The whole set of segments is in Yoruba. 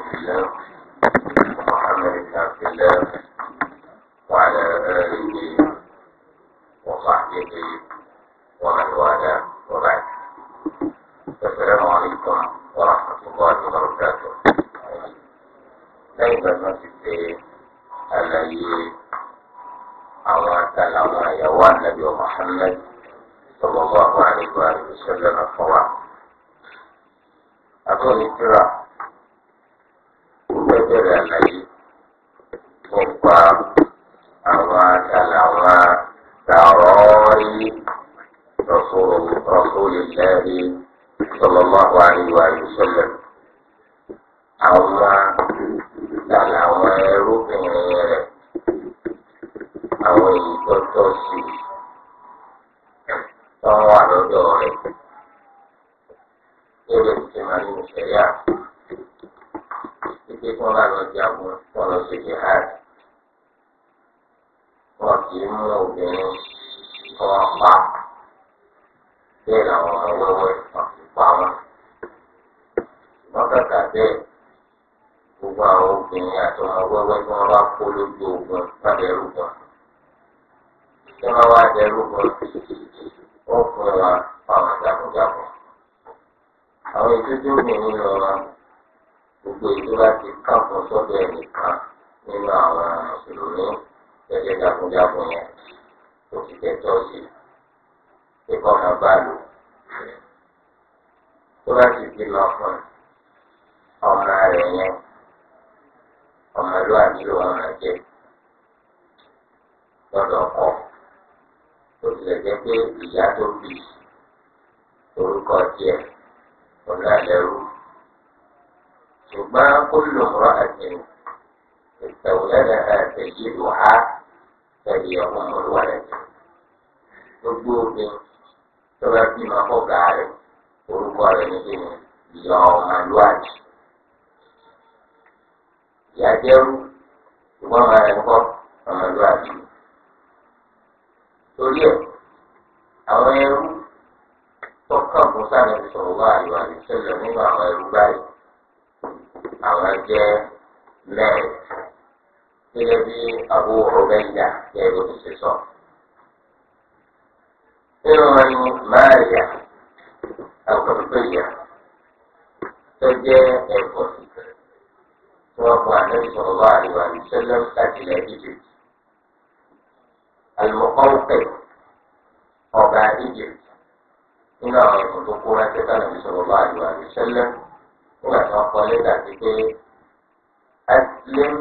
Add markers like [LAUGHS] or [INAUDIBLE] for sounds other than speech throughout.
رسول الله محمد بن عبد الله وعلى آله وصحبه ومن والاه وبعد السلام عليكم ورحمة الله وبركاته ليس المسجد الذي أمرت لنا يوان النبي محمد صلى الله عليه وآله وسلم الصلاة أقول ترى fẹ́ bẹ̀rẹ̀ àlàyé nípa àwọn àtàlàwà tààrọ́ọ̀rí rọ̀sọ́lẹ̀lẹ́rí sallallahu alaihi wa sallam. àwọn àtàlàwà ẹrúbìnrin rẹ̀ àwọn èyí tó tọ́ sí i wọ́n wà lọ́dọ̀ rẹ̀. Ilé ìgbìmọ̀ ní ìṣẹ̀lẹ̀ àti pé kọ́ bá lọ jagun kọ́ lọ ṣe jihad wọn kì í mú obìnrin kọ́ wọn pa bẹ́ẹ̀ làwọn ọmọ wẹ́wẹ́ wọn kì í pa wọn. wọ́n kàkà bẹ́ẹ̀ gbogbo àwọn obìnrin àti ọmọ wẹ́wẹ́ tí wọ́n bá kó lójú ogun bá gan. tí wọ́n wá dẹrù gan wọ́n fún wa fáwọn jagunjagun. àwọn ètò obìnrin lọ wa gbogbo ìjọba ti kàn fún sọ́dọ̀ ẹnìkan nínú àwọn mùsùlùmí gẹ́gẹ́ jagunjagun yẹn tó ti tẹ̀tọ́ sí pé kọ́ máa bá lò tó bá ti bí lọ fún ọmọ rẹ̀ yẹn ọmọlúwàbí ló wọn máa jẹ lọ́dọ̀ ọkọ tó tilẹ̀ jẹ́ pé ìyá tó bí orúkọ tiẹ̀ ọ̀nà lẹ́rú ṣùgbọ́n kúlù rọ ẹ̀sìn ìtẹ̀wọ́lẹ́dẹ̀ ẹ̀sẹ̀ yìí lù á tẹ̀lé ọmọ olúwa rẹ̀ jù. gbogbo obìnrin tó bá bí ma kọ́ ga rẹ̀ orúkọ rẹ̀ ní kí ni ìyá ọmọlúwàjì. ìyá jẹ́rú ṣùgbọ́n ọmọ rẹ̀ ń kọ́ ọmọlúwàjì. torí ẹ̀ àwọn ẹrú tó fún sáà ní sọ̀rọ̀ wá àríwá àríṣẹ́lẹ̀ nínú àwọn ẹrú báyìí àwọn jẹ́ lẹ́ẹ̀d gẹ́gẹ́ bí Abu Ubayda gẹ́gẹ́ bó ti ṣe sọ. nínú wọn ni Mariya àgbàgbéyà tó jẹ́ ẹ̀kọ́ tí wọ́n fún Ànábì sallallahu alaihi wa sallam láti ilẹ̀ Egypt. Al-Muqawqi ọba Egypt nínú àwọn ẹ̀kọ́ tó kó rántí sọ́nà Ànábì sallallahu alaihi nígbà tí wọ́n kọ lẹ́tà sí pé aslim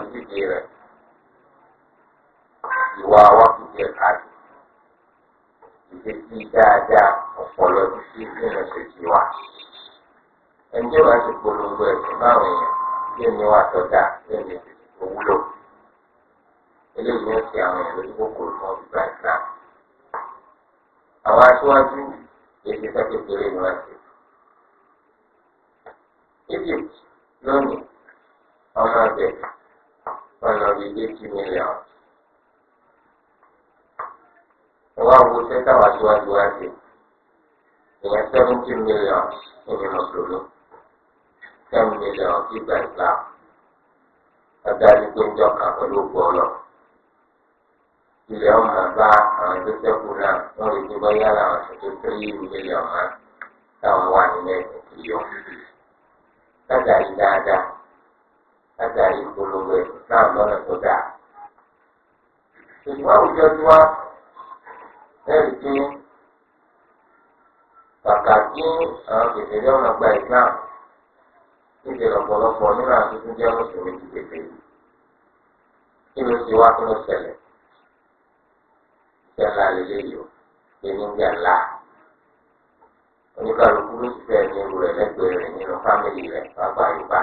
ń díje rẹ̀ ìwà wa kò jẹ́ káàdì ìdẹ́sí dáadáa ọ̀pọ̀lọ títí nínú ṣètì wa. ẹnjẹ́ wa ti polongo ẹ̀sìn báwọn èèyàn bí èmi wà tọ́jà bí èmi ti tó wúlò. eléyìí ń fi àwọn èèyàn lójú kòkòrò fún ọ̀gbìn ìgbà àwọn aṣíwájú èsì sẹ́kẹ̀kẹ̀rẹ̀ ni wọ́n ti. Egypt lónìí ọmọ ọ̀gbẹ̀rẹ̀ ọ̀nà bíi eighty million. ìwà wo sẹ́tà wá síwájú wá sí ìyẹn seventy million ìní mùsùlùmí ten million ìgbà ìgbà adájú pé ń jọka pẹ̀lú gbọ́lọ̀ ilẹ̀ ọmọ bá àwọn tó sẹ́kù náà wọ́n lè gbé báyà làwọn tó tó three million máa táwọn wà nílẹ̀ ìpínlẹ̀ yọ. látàrí dáadáa látàrí ìpolongo náà lọ́nà tó dáa. ṣùgbọ́n àwùjọ tí wá ẹ̀rí pé kàkà kí àwọn kèfèrí ọ̀nà gba ìsìláàmù níbi ọ̀pọ̀lọpọ̀ nínú àwọn tuntun jẹ́ mùsùlùmí ti tètè kí ló ṣe wá kí ló ṣẹlẹ̀ ṣẹlẹ̀ àlélẹ́ yìí o ṣe ní ìjà ńlá oníkàlùkù ló sì fẹ́ ní irú rẹ̀ lẹ́gbẹ̀ẹ́ rẹ̀ nínú fámìlì rẹ̀ pápá yorùbá.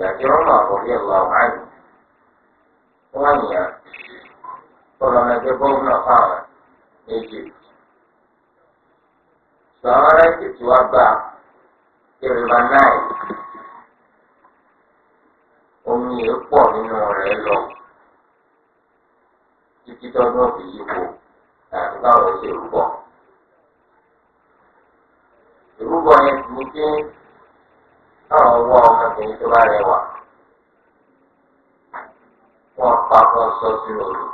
لكن عمر رضي الله ụlọ غني طالما تكون مقاما ايجيبت سارة تتوبع ìrìbánáì omi èèpọ̀ nínú rẹ̀ lọ títí tọ́dún fi yípo àti báwọn ṣe rúbọ. ìrúbọ yẹn ti ní pé obìnrin tó bá rẹwà wọn pa fún sọ sínú odò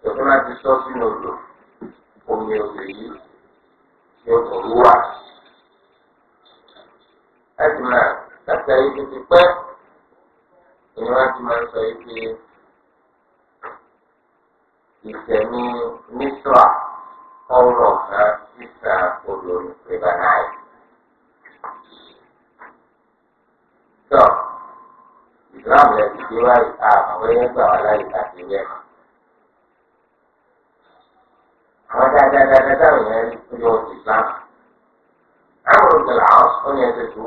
tòtò náà ti sọ sínú odò omi odò yìí yóò tó wúwà láti máa láti ayé tó ti pẹ́ ìní ti máa ń sọ yìí pé ìtẹ̀mí mísírà ọ̀rọ̀ kan sísà olórí pé bá náà yìí. tọ́ ìsìlámù rẹ̀ ti dé wáyé àmọ́ bóyá gbà wá láyé láti wẹ̀ mọ́. àwọn dáadáa táwọn islam ń lò ní ìsìlámù. àwọn onye ọ̀sùn ó ní ẹsẹ̀ tó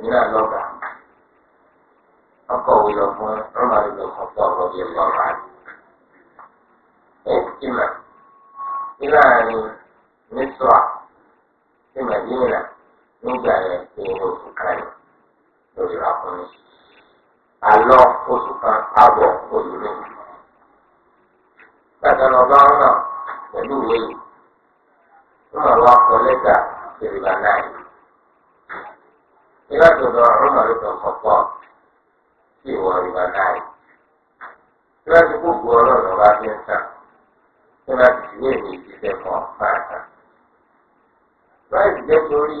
ní náà lọ́gà. lọ fún ọmọ rẹ̀ lọ fún ọ̀pọ̀ ọ̀rọ̀ yẹn lọ́ọ́ rà. ẹ̀ẹ́dì mà lórí ràkúnmí alọ oṣù kan àbọ̀ oṣù méjì gbàtà lọba ọ̀nà pẹ̀lú ìwé yìí wọn wá kọ lẹ́tà ìrìbà náà ìlà tó lọ ọmọ rẹ tó kọkọ sí ìwọ ìrìbà náà ìlà tó gbogbo ọlọ́run ọba fi ń tàn ìlà tó ti wé mi kan máa tàn. jẹ́ torí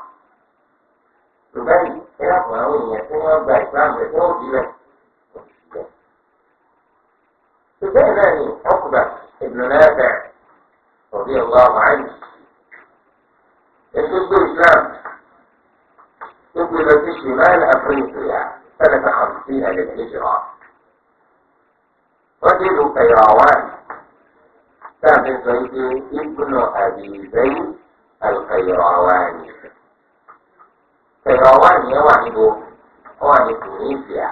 ṣùgbọ́n ìṣẹ́ àwọn èèyàn tí wọ́n gba ìsìlámù rẹ̀ tó bí rẹ̀ ṣùgbọ́n náà ni ọkùnrin ìbùnú náà bẹ̀ ọ̀bí ọ̀gá ọ̀gá ẹ̀yìn ètò gbé ìsìlámù tó gbé lọ sí ṣùgbọ́n àfẹ́yìntìyà sẹ́lẹ̀ kan sí ẹ̀ẹ́dẹ̀gbẹ̀jọ́ wọ́n dé lu ẹ̀yọ̀ àwọn sáà fi sọ ike ìbùnú àbí ìbẹ́yìn àlùkò ẹ̀yọ̀ àwọn àyè. sẹ̀fà wà nìyẹn wà níbo ó wà ní Tunisia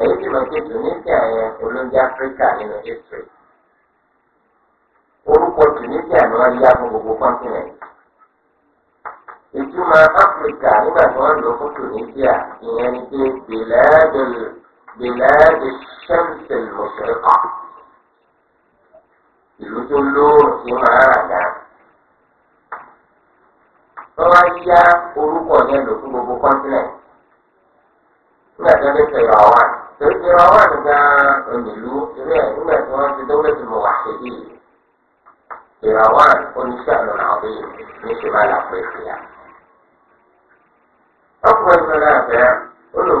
èyí sì mọ̀ pé Tunisia yẹn olóńjẹ Áfíríkà nínú history orúkọ Tunisia ni wọ́n yá fún gbogbo continent ìtumọ̀ Áfíríkà nígbà tí wọ́n lò fún Tunisia ìyẹn ni pé bìlẹ́ẹ̀dì bìlẹ́ẹ̀dì ṣẹ́ǹsì ìlú tó lóòrùn sí máa rà wọ́n wá yá orúkọ yẹn lò fún gbogbo continent nígbà tí wọ́n fi ṣe ìrọ̀ wá torí ṣe ìrọ̀ wá nígbà nígbà tí wọ́n ti dọ́wọ́lẹ̀ tó mọ̀ wá ṣe bí ìrọ̀ oníṣẹ́ là pé fìyà. ọkùnrin náà fẹ́ òun ìrọ̀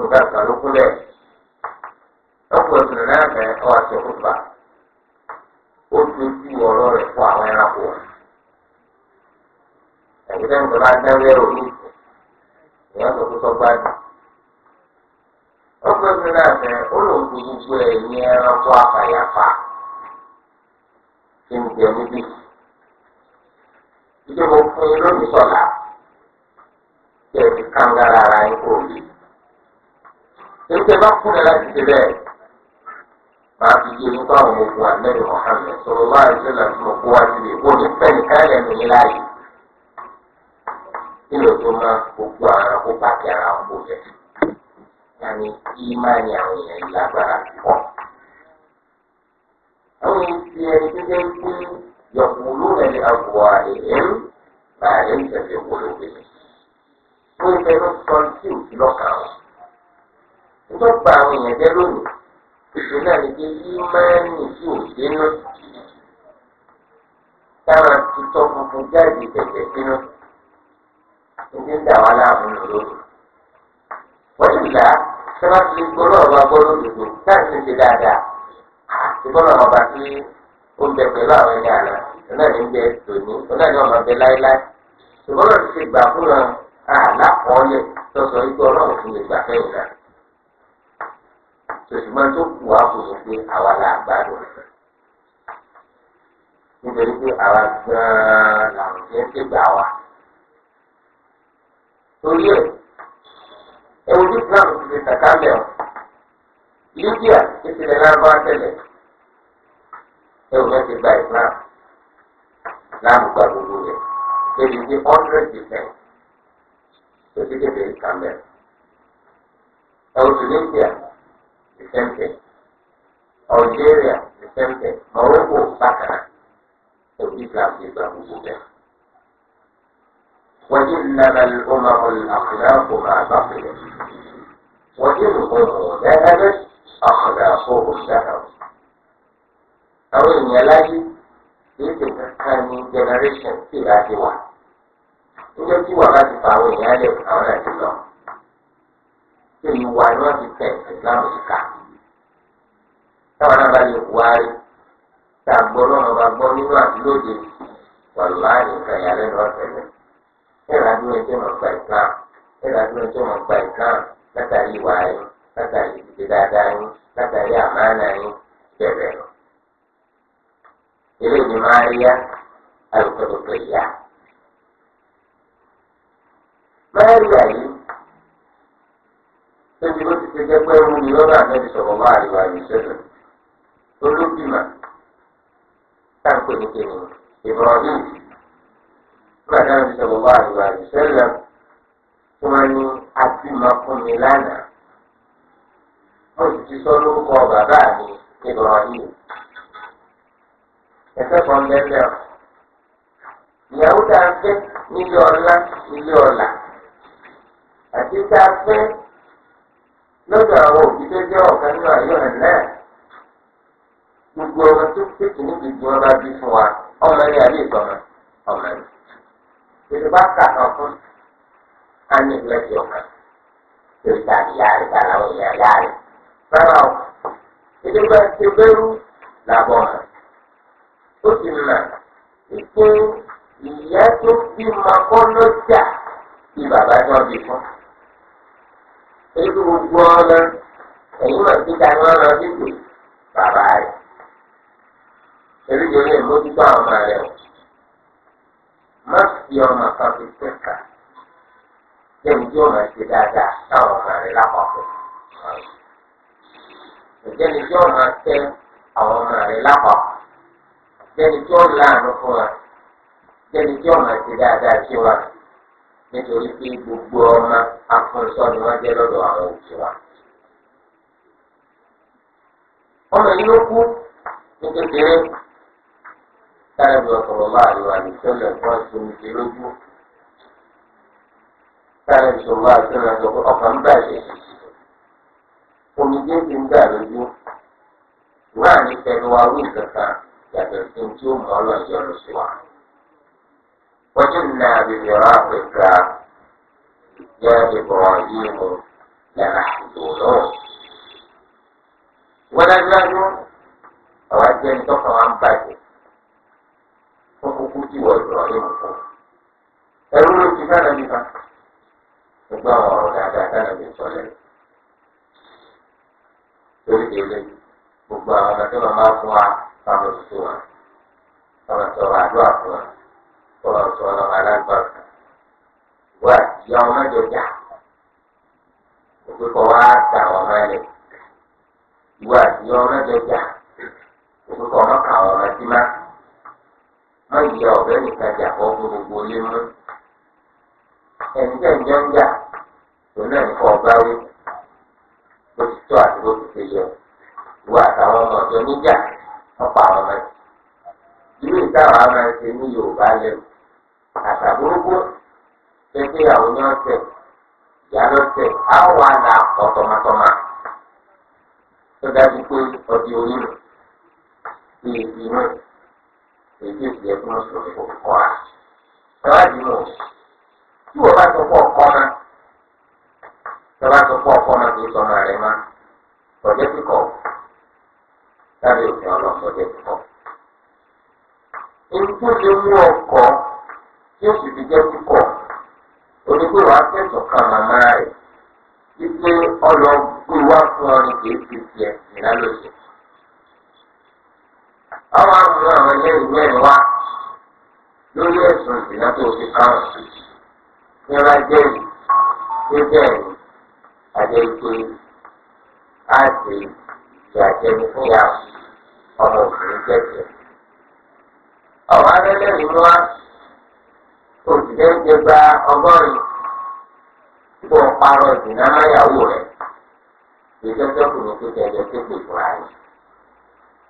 nígbà kan ló kúlẹ̀ ọkùnrin náà fẹ́ ọ àti ọkùnrin ó dojú ọ̀rọ̀ rẹ̀ fún àwọn ẹranko ẹ̀yìn lẹ́nu tó bá dáwé rò ní ìsìn ìyẹn tó tó sọ́gbà dùn ọkùnrin náà ó fi gbogbo ẹranko àfàyàfà jẹ níbí ìjọba fún yín lónìí kí ẹ ti ara yín ètò ẹ̀bá kúnlẹ̀ láti ṣe bẹ́ẹ̀. máa fi yé nípa àwọn ogun àlẹ́bí Muhammad sọ̀rọ̀ wá ẹ̀jẹ̀ láti mọ̀ kó wá síbi ìwọ ní pẹ́ẹ́nì káàlẹ̀ ẹ̀mí yín láàyè. nílò tó máa gbogbo ara kó pàkì ara wọn kó jẹ. yàní ìmánì àwọn èèyàn yìí lágbára pọ̀. àwọn èèyàn ti ẹni tó jẹ́ pé yọ̀kùnlú ẹni àbùwà èèyàn máa ń tẹ̀lé wọlé wọlé. wọ́n ń tẹnu nítorí pa àwọn èèyàn jẹ́ lónìí ètò náà ní pé ímánì tí ò dénú táwọn tutọ́ funfun jáde tẹ̀tẹ̀ sínú ní ń dà wá láàmú lórí. wọ́n ti là tí wọ́n ti gbọ́dọ̀ ọba gbọ́dọ̀ lòdò táàtì ń ṣe dáadáa àti gbọ́dọ̀ ọba tí ó ń bẹ pẹ̀lú àwọn ẹni àná ọ̀nà ní ń bẹ lónìí ọ̀nà ní ọmọ bẹ láéláé ṣùgbọ́n lọ́dún ti gbà fún wọn àlàkọ́ọ́lẹ̀ tọ́sọ̀ ikú ọlọ́run fún ìgbà fẹ́yìn náà sòṣùgbọ́n tó kù wá kò ní pé àwa là gbádùn nítorí pé àwa gan-an làwọn jẹ́ ń tẹ̀gbà wa. torí ẹ̀ ẹ wo Islam ti ṣe sàkálẹ̀ ọ̀ Libya ìṣẹ̀lẹ̀ lárúbá tẹ̀lẹ̀ ẹ wò lẹ́sẹ̀ gba Islam láàmúgbà gbogbo rẹ̀ débi pé hundred percent tó ti kéde ìkàmẹ́rẹ̀ ẹ wò Tunisia the same thing. Algeria, the same thing. Morocco, bákan so Islam is a Muslim. وإنما الأمم الأخلاق ما بقيت وإن الأمم ذهبت أخلاقهم ذهبت àwọn ènìyàn láyé kìí ṣe kankan ní generation tí ìlà ti wà níjọ́ tí wà láti fa àwọn èèyàn lẹ̀ àwọn náà ti lọ. ṣé ìwà ni wọ́n ti tẹ̀ ìsìlámù yìí ká? táwọn náà bá lè wá rí tá a gbọ́ lọ́nà bá gbọ́ nínú àti lóde wàlúwà nǹkan ìyàlẹ́nu ọ̀sẹ̀lẹ̀ ẹ̀rọ adúlọ̀ ẹ̀jẹ̀ mọ̀ gba ìslam ẹ̀rọ adúlọ̀ ẹ̀jẹ̀ mọ̀ gba ìslam látàrí ìwà yín látàrí ìdíje dáadáa yín látàrí àmàlà yín bẹ̀rẹ̀ lọ. eléyìí máa rí yá alùpùpù ìyá. máa rí àyè lójú ti ṣe jẹ́ pé ó ń lọ́nà àmẹ́bí sọ̀rọ̀ wá àríwá àríwá sẹ́lẹ̀. olóbìmọ̀ táǹpé ní kíni gbàdá ní sọ̀rọ̀ wá ìṣẹ̀lẹ̀ tí wọ́n ní abímọ lánàá mo sì ti sọ lórúkọ bàbá mi Ibrahim ẹ̀fẹ́ kan bẹ́ẹ̀ bẹ́ẹ̀ ìyàwó tá a fẹ́ nílé ọlá nílé ọlà àti tá a fẹ́ àwọn gbogbo ọmọ tó pé kìíní kejì wọn bá bí fún wa ọmọ yẹn àbí ìgbọmọ ọmọ yẹn tètè bá kà kan fún a ní ìgbẹ́jì ọmọ tètè tàbí yáàrí tàbí àwọn èèyàn yáàrí rárá o tètè bá ti bẹ́rù làbọ̀ ọmọ ó sì mà ike ìyá tó bí ma kọ́ lọ́jà bí bàbá tó bí fún èyí gbogbo ọmọ ẹ̀yìn mọ̀ sí ta ni wọ́n bàbá rẹ̀ eréje ní ìmójútó àwọn ọmọ rẹ o má fi ọmọ kan fi kẹka lẹ́yìn tí ọmọ ṣe dáadáa táwọn ọmọ rẹ lápapọ̀ ìjẹni tí ọmọ tẹ àwọn ọmọ rẹ lápapọ̀ ìjẹni tí ó láàánú fún wa ìjẹni tí ọmọ ṣe dáadáa sí wa nítorí pé gbogbo ọmọ afúnṣọ ni wọn jẹ lọ́dọ̀ àwọn òbí wa ọmọ yìí ló kú ní kékeré káyọ̀ bí ọ̀sọ̀rọ̀ láàrin wa ní sẹ́lẹ̀ fún ẹ̀sùn ní lójú. káyọ̀ bí sọ̀rọ̀ láàrin sẹ́lẹ̀ sọ pé ọkàn ń bàjẹ́. omi dé ti ń dà lójú. wọ́n á ní fẹnu wa wí yàtọ̀ sí tí ó mọ̀ ọlọ́yọ̀ lọ sí wa. وجدنا بميراثك يا إبراهيم لمحزونون kúkú tí wọ́n ìbúrọ̀ yìí mú fún. ẹrú ló ti sára nípa gbogbo àwọn ọ̀rọ̀ dáadáa sára mi sọ lẹ́nu. lórí délé gbogbo àwọn ọmọ tí wọ́n máa fún wa fáwọn òṣìṣẹ́ wa fáwọn sọ̀rọ̀ àdúrà fún wa fáwọn sọ̀rọ̀ alágbàtà wá ìyá ọmọ jọjà òpèkọ wa ta àwọn ọmọ ẹlẹ ìwà ìyá ọmọ jọjà òpèkọ ọmọ kà àwọn ọmọ sí máa máa ń jẹ ọ̀bẹ nìkan jà kọ́ fún gbogbo ilé mú ẹni tẹ̀ ń jẹ́ ń jà òun bó ti tọ́ àti bó ti ṣe yẹ ìwọ àtàwọn ọmọ ọ̀dọ́ níjà wọ́n àwọn ọmọ ẹ̀ irú ìtawà máa ń ṣe ní Yorùbá lẹ́nu àṣà burúkú àwọn ní ọ̀sẹ̀ ìyá lọ́sẹ̀ àwọn àdá ọ̀tọ̀mọtọ̀mọ tó dájú pé ọdí orí rẹ̀ ti ìdí náà. èdè ìjẹ́ kí wọ́n sọ̀rọ̀ kò kọ́ra tẹ́wádìí mọ̀ tí wọ́n bá sọ pọ̀ kọ́ ma tẹ́wá sọ pọ̀ kọ́ ma kì í sọ ma rẹ̀ ma sọ̀jẹ́ kíkọ̀ lábẹ́ òfin ọlọ́ sọ̀jẹ́ kíkọ̀. èyí tó mú ọkọ̀ tí sì fi kan màmá fún kì í fi àwọn àrùn àwọn ilé ìwé ẹ̀ wá lórí ẹ̀sùn ìdìnnà tó fi kárùn ní ọlá jẹ́rìí pé bẹ́ẹ̀ ni àti ìyàjẹni fún ya ọmọ òfin jẹ́jẹ́. ọ̀wá lẹ́lẹ́rìí mú wa òṣìṣẹ́ gba ọgọ́rin tó ń parọ́ ìdìnnà máyàwó rẹ̀ ìjọba kò ní kí ẹjọ́ tó gbè fúnra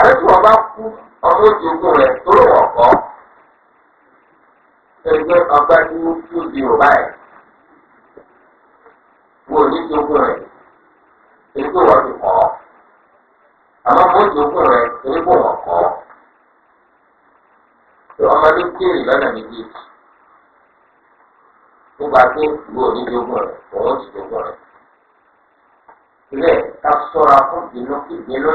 àbí tí wọ́n bá kú ọmọ òjò ogun rẹ̀ tó lò wọ̀ kọ́ ẹgbẹ́ ọgbà tí ó tún di òbá ẹ̀ wọ́n ò ní jogún rẹ̀ ètò wọn ti kọ́ àmọ́ mo jogún rẹ̀ torí kò wọ́n kọ́ ọmọdé kéré lọ́nà méjèèjì nígbà tí wọ́n ò ní jogún rẹ̀ òun ò sì jogún rẹ̀ sílẹ̀ ká sọ́ra fún ìbínú ìbínú.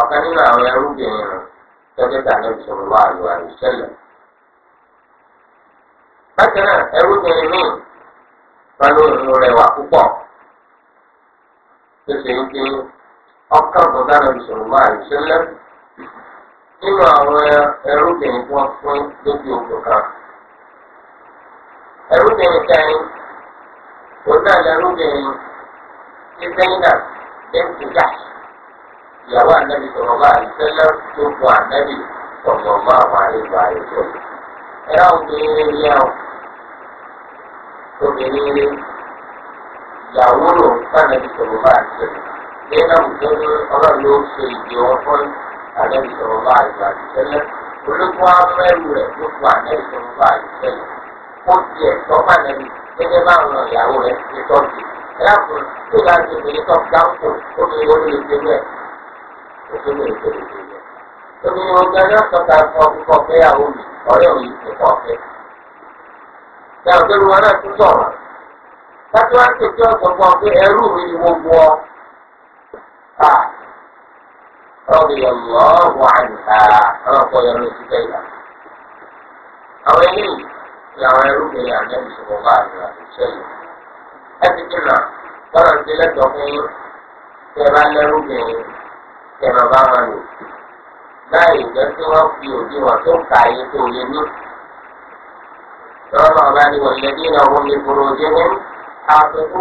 ọ̀kan nínú àwọn ẹrúbìnrin rẹ̀ tọ́jú tà ní ìṣòro àlùwà ìṣẹ̀lẹ̀. bákan náà ẹrúbìnrin míì wọn ló ń rẹwà púpọ̀ tó ṣe ń pé ọkàn tó dáná ìṣòro àìṣẹ̀lẹ̀ nínú àwọn ẹrúbìnrin tí wọ́n fún lójú ogun kan. ẹrúbìnrin kẹrin òun náà lẹrúbìnrin ti zẹ́yìnà bẹ́ẹ̀ ìyàwó ànábì sọ̀rọ̀ bá àdìsẹ́lẹ̀ tó bu ànábì sọ̀rọ̀ bá àwọn àlejò àlejò. ẹ á obìnrin rí àwọn obìnrin rí ìyàwó lò sànàbì sọ̀rọ̀ bá àdìsẹ́lẹ̀. ní àwùjọ ní ọlọ́run ló ṣe ìdí wọn fún ànábì sọ̀rọ̀ bá àlejò àdìsẹ́lẹ̀. olókùn amẹ́rù rẹ̀ ló bu ànábì sọ̀rọ̀ bá àdìsẹ́lẹ̀. ó ti ẹ̀ tọ́pọ̀ ànábì gẹ́gẹ́ bá àwọn ìyàwó rẹ̀ ti tọ́jú. ojú lè ṣe èdè yẹn. obìnrin ọjà ní ọ̀sọ̀tà fún ọkùnkọ̀ fẹ́yàwó mi ọ̀rẹ́ òun yìí kọ̀ ọ̀fẹ́. ìyá òkèrú wọn náà tún sọ̀rọ̀. láti wá ṣe tí ọ̀sọ̀ fún ọ pé ẹrú mi ni mo wọ ọ́. radiyallahu anha ọlọ́pọ̀ yẹn àwọn eléyìí ni àwọn ẹrú mi bá yìí. ẹ ti dì náà kẹmọ bá wọn lò láì jẹ́ kí wọ́n fi òdiwọ̀n tó kà yín tó lè ní. lọ́wọ́ náà bá ní wọ̀nyí ní ọ̀hún ní fúròjìhìn àbẹ̀kù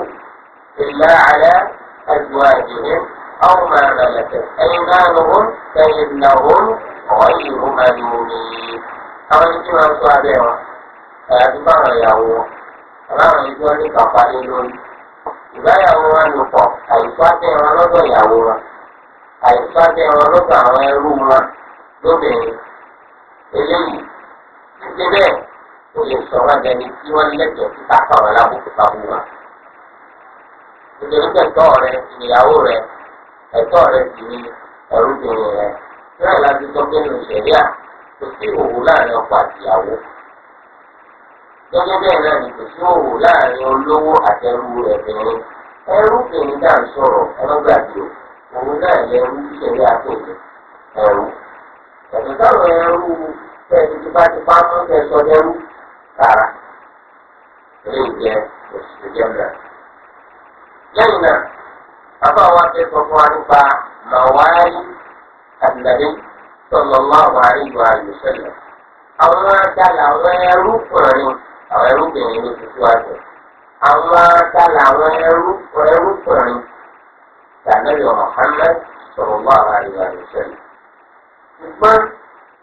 ìlà àlẹ́ ẹ̀dùwàjìhìn ọ̀hún máa bẹ̀rẹ̀ ẹ̀yin náà lọ́wọ́ ẹ̀yin náà wọ́n ọ̀yìn ìhùn máa ní àwọn ẹni tí wọ́n sọ abẹ́ wọn ẹ̀yàtú báwọn ìyàwó wọn àbáwọn ẹni tí wọ́n ní kàpá lé lórí ìbáyàwó àìsàn jẹ́ ẹran lọ́dọ̀ àwọn ẹrú wọn lóbìnrin eléyìí títí bẹ́ẹ̀ kò lè sọ̀rọ̀ ẹni tí wọ́n lẹ́tọ̀ọ́ sí kápá wọn lábùkù kábù wọn. nítorí pẹ̀tọ́ rẹ ìyàwó rẹ ẹ̀tọ́ rẹ sì ni ẹrúbìnrin rẹ bẹ́ẹ̀ láti sọ pé nù sẹ̀ríà kò sí òwò láàrin ọkọ àtìyàwó. gẹ́gẹ́ bẹ́ẹ̀ náà ni kò sí òwò láàrin olówó àtẹrú ẹ̀bìnrin ẹrúbìnrin dáà ń sọ̀rọ̀ ẹlọ́gbàdì òkú òun náà lẹ́rú ìṣẹ̀lẹ̀ àtẹ̀lẹ̀ ẹ̀rú. Ẹ̀sùn táwọn ẹrú tẹ̀sí tipátipá mú tẹ̀sọ lẹ́rú tààrà. Ilé ìjẹ òṣìṣẹ́ jẹ́mbẹ̀. Lẹ́yìn náà, bàbá wa fẹ́ sọ fún wa nípa màwáyé àdìlẹ́dẹ́ sallallahu alaihi wa sallam. Àwọn adàlà àwọn ẹrú kùnrin àwọn ẹrúbìnrin ló ti síwájú. Àwọn adàlà àwọn ẹrú kùnrin tànẹ́bí Muhammad sallallahu alaihi wasallam. ṣùgbọ́n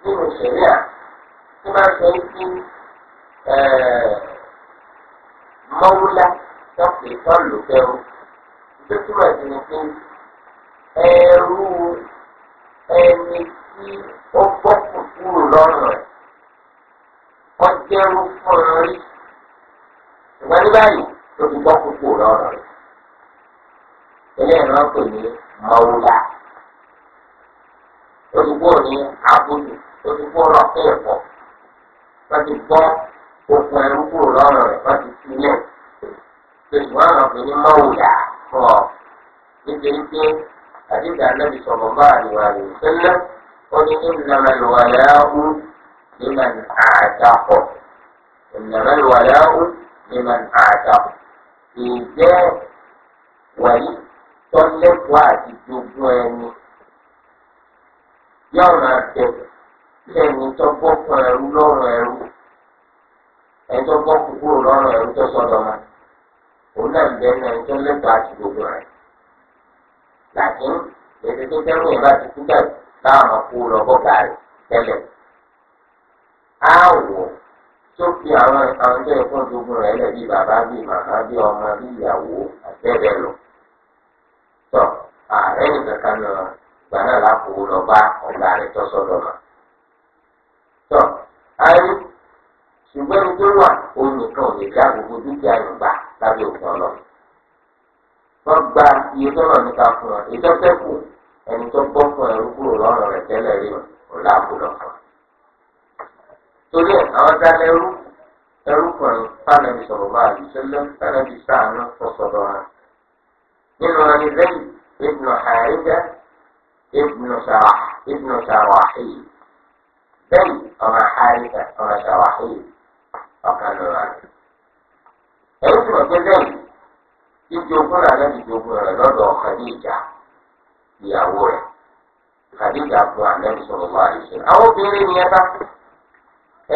nínú ṣẹ̀ríà tí máa sọ pé mọ́wúlá tọ́pì tọ́lù kẹrù tó túmọ̀ sí ni pé ẹrú ẹni tí ó gbọ́kù kúrò lọ́rùn rẹ̀ ọjẹ́rú fún un rí ṣùgbọ́n ní báyìí tó ti gbọ́kù kúrò lọ́rùn rẹ̀ eléyìí náà pè ní mọ́wúlà olùkọ́ ní abúlù olùkọ́ rọ̀ pé ẹ̀kọ́ wọ́n gbọ́ okùn ẹrú kúrò lọ́rùn rẹ̀ wọ́n ti sílẹ̀ ṣùgbọ́n àwọn pè ní mọ́wúlà fún nítorí pé àdìgbà anábì sọ̀rọ̀ bá àdìwà rẹ̀ sẹ́lẹ̀ ó ní ìlànà ìwàlẹ́hù nímọ̀ àdàpọ̀ ìlànà ìwàlẹ́hù nímọ̀ àdàpọ̀ ìjẹ́ wàlí tọ́lẹ́kọ̀ọ́ àti gbogbo ẹni yóò máa bẹ̀ sí ẹni tó gbọ́kàn ẹrú lọ́rùn ẹrú ẹni tó gbọ́kàn kúrò lọ́rùn ẹrú tó sọ̀dọ̀ ma òun náà bẹ̀ ní ẹni tó lẹ́kọ̀ọ́ àti gbogbo rẹ̀ làtí ètò tó dẹ́rù yẹn bá ti kú bẹ́ẹ̀ táwọn ọkọ̀ lọ bọ́gà rẹ̀ tẹ́lẹ̀ áwọ̀ tó fi àwọn àwọn tó yẹ gbogbo rẹ̀ lẹ̀ bàbá bí màmá bí ọmọ bí ìyàwó àtẹ́rẹ́ lọ tọ ààrẹ nìkan kan lọ gbà náà lápòwò lọ bá ọ̀gá rẹ̀ tọ́ sọ́dọ̀ mà tọ ayé ṣùgbọ́n ẹni tó wà òun nìkan ò lè dá gbogbo dúkìá yìí gbà lábẹ́ òfin ọlọ́run wọ́n gba iye tọ́lọ̀ nípa fún ọ ètò ẹ̀kú ẹni tó gbọ́ fún ẹrú kúrò lọ́rùn rẹ̀ tẹ́lẹ̀ rí ọ̀ láàbò lọ fún ọ. torí ẹ̀ àwọn dálẹ́rú ẹrú kan fánàbí sọ̀rọ̀ bá àdìsẹ́lẹ̀ fánàbí sáà náà fọ́ sọ̀rọ̀ hàn nínú ẹni lẹ́yìn ibnu Haritha ibnu Sharah ibnu Sharahi lẹ́yìn ọmọ Haritha ọmọ Sharahi ọ̀kan lọ́la. ẹ̀yìn tí wọ́n gbé lẹ́yìn jíjẹ ogún rẹ̀ lẹ́yìn jíjẹ ogún rẹ̀ lọ́dọ̀ Khadija ìyàwó rẹ̀ Khadija fún Ànábì sallallahu alaihi wasallam. àwọn obìnrin ni ẹ bá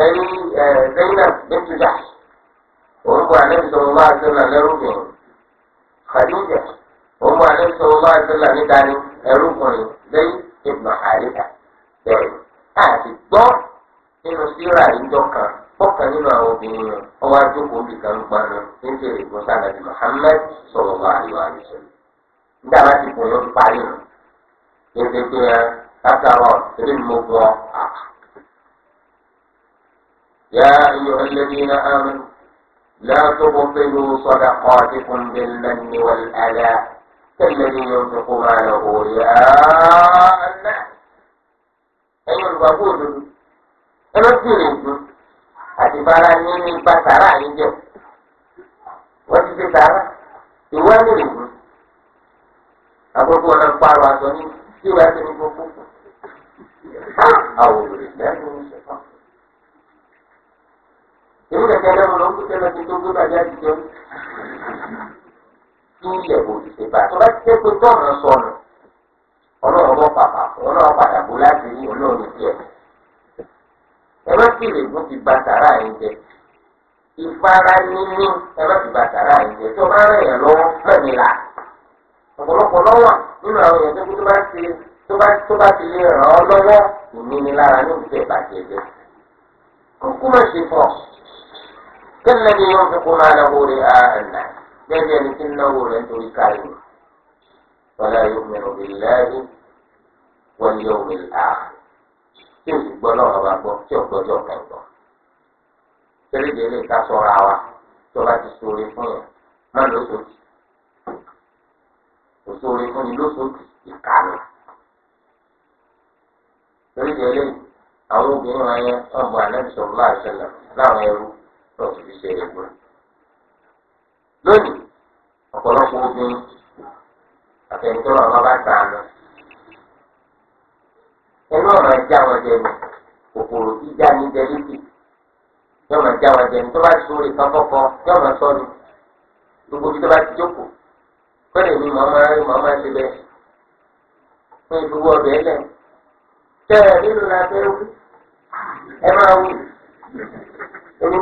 ẹ̀rí Zainab bintu Jahsh orúkọ Ànábì sallallahu alaihi wasallam lẹ́rú bìnrin Khadija òun wà ní sọlá ìṣẹ̀lẹ̀ níta ni ẹrúkùnrin lẹ́yìn ìgbà àríkà bẹ́ẹ̀ àti gbọ́ nínú síra ìjọ kan fọkàn nínú àwọn obìnrin rẹ̀ ọwọ àjókòó bì kan gbanu ní tèrè ìgbọn sànàbí Muhammad sọlọ wà àríwá àríṣẹ níta bá ti bùn yóò parí nù ẹgbẹ́ pé ẹ kásáró ẹbí mi mọ bọ à. يا أيها الذين آمنوا لا تبطلوا صدقاتكم بالمن والأذى كالذي ينفق ماله رئاء الناس ẹ̀yin olùgbàgbọ́ òdodo ẹ lọ sí ìrìnjú àti bára ní ní ipa sàrà yín jẹ wọ́n ti ṣe sàrà ìwọ ní ìrìnjú àgbẹ̀bọ̀ náà pààrọ̀ àtọ̀ ní tí ìwà ti ní gbogbo àwọn olùrìn lẹ́nu ìṣẹ̀fọ́n. èmi kẹ̀kẹ́ lẹ́nu ló ń kú tẹ́lẹ̀ tí tó gbé bàjẹ́ àti jẹun kí ìyẹ̀wò ìṣe bá tó bá jẹ́ pé tọ́ọ̀nù sọnù ọlọ́run bọ́ pàpà fún ọlọ́run padà bó láti rí olóòní díẹ̀. ẹ má sì lè gún ti ba sàrà yín jẹ ìfara níní ẹ má ti ba sàrà yín jẹ tó bá rẹ̀ yẹn lọ́wọ́ mẹ́mi là ọ̀pọ̀lọpọ̀ lọ́wọ́ nínú àwọn èèyàn tó bá ti tó bá tó bá ti lè ràn ọ́ lọ́wọ́ ìnínilára ní ìfẹ́ ìbàjẹ́ jẹ kúkú má ṣe fọ́ kí ẹ lẹ́ni yóò fi kó máa lọ wọlé ààrẹ náà gẹ́gẹ́ ẹni tí ń náwó rẹ̀ nítorí káyọ̀ wala yu'minu billahi wal yawmil akhir tí o sì gbọ́ lọ́wọ́ bá gbọ́ tí ọ̀gbọ́jọ́ kan gbọ́. torí délé ká sọ̀rọ̀ àwa tó bá ti sóore fún yẹn má lóṣooṣì kò sóore fún ni lóṣooṣì ìkànnì. torí délé àwọn obìnrin wọn yẹn wọn àlẹ́ sọ̀rọ̀ láàṣẹ náà láwọn ẹrú lọ́ọ̀ fi ṣe é gbọ́n. lónìí ọ̀pọ̀lọpọ̀ obìnrin àtẹnudọ́rọ̀ ọba bá sàánù ẹnu ọ̀rọ̀ ẹja wọn jẹnu kòkòrò jíjà ní dẹ́lítì yóò máa já wọn jẹnu tó bá yóò máa sọ́nu gbogbo tó bá ti jókòó kọ́lẹ̀ mi mọ̀ máa rí mọ̀ máa ṣe bẹ́ẹ̀ fún ọbẹ̀ nínú la fẹ́ wú ẹ máa wú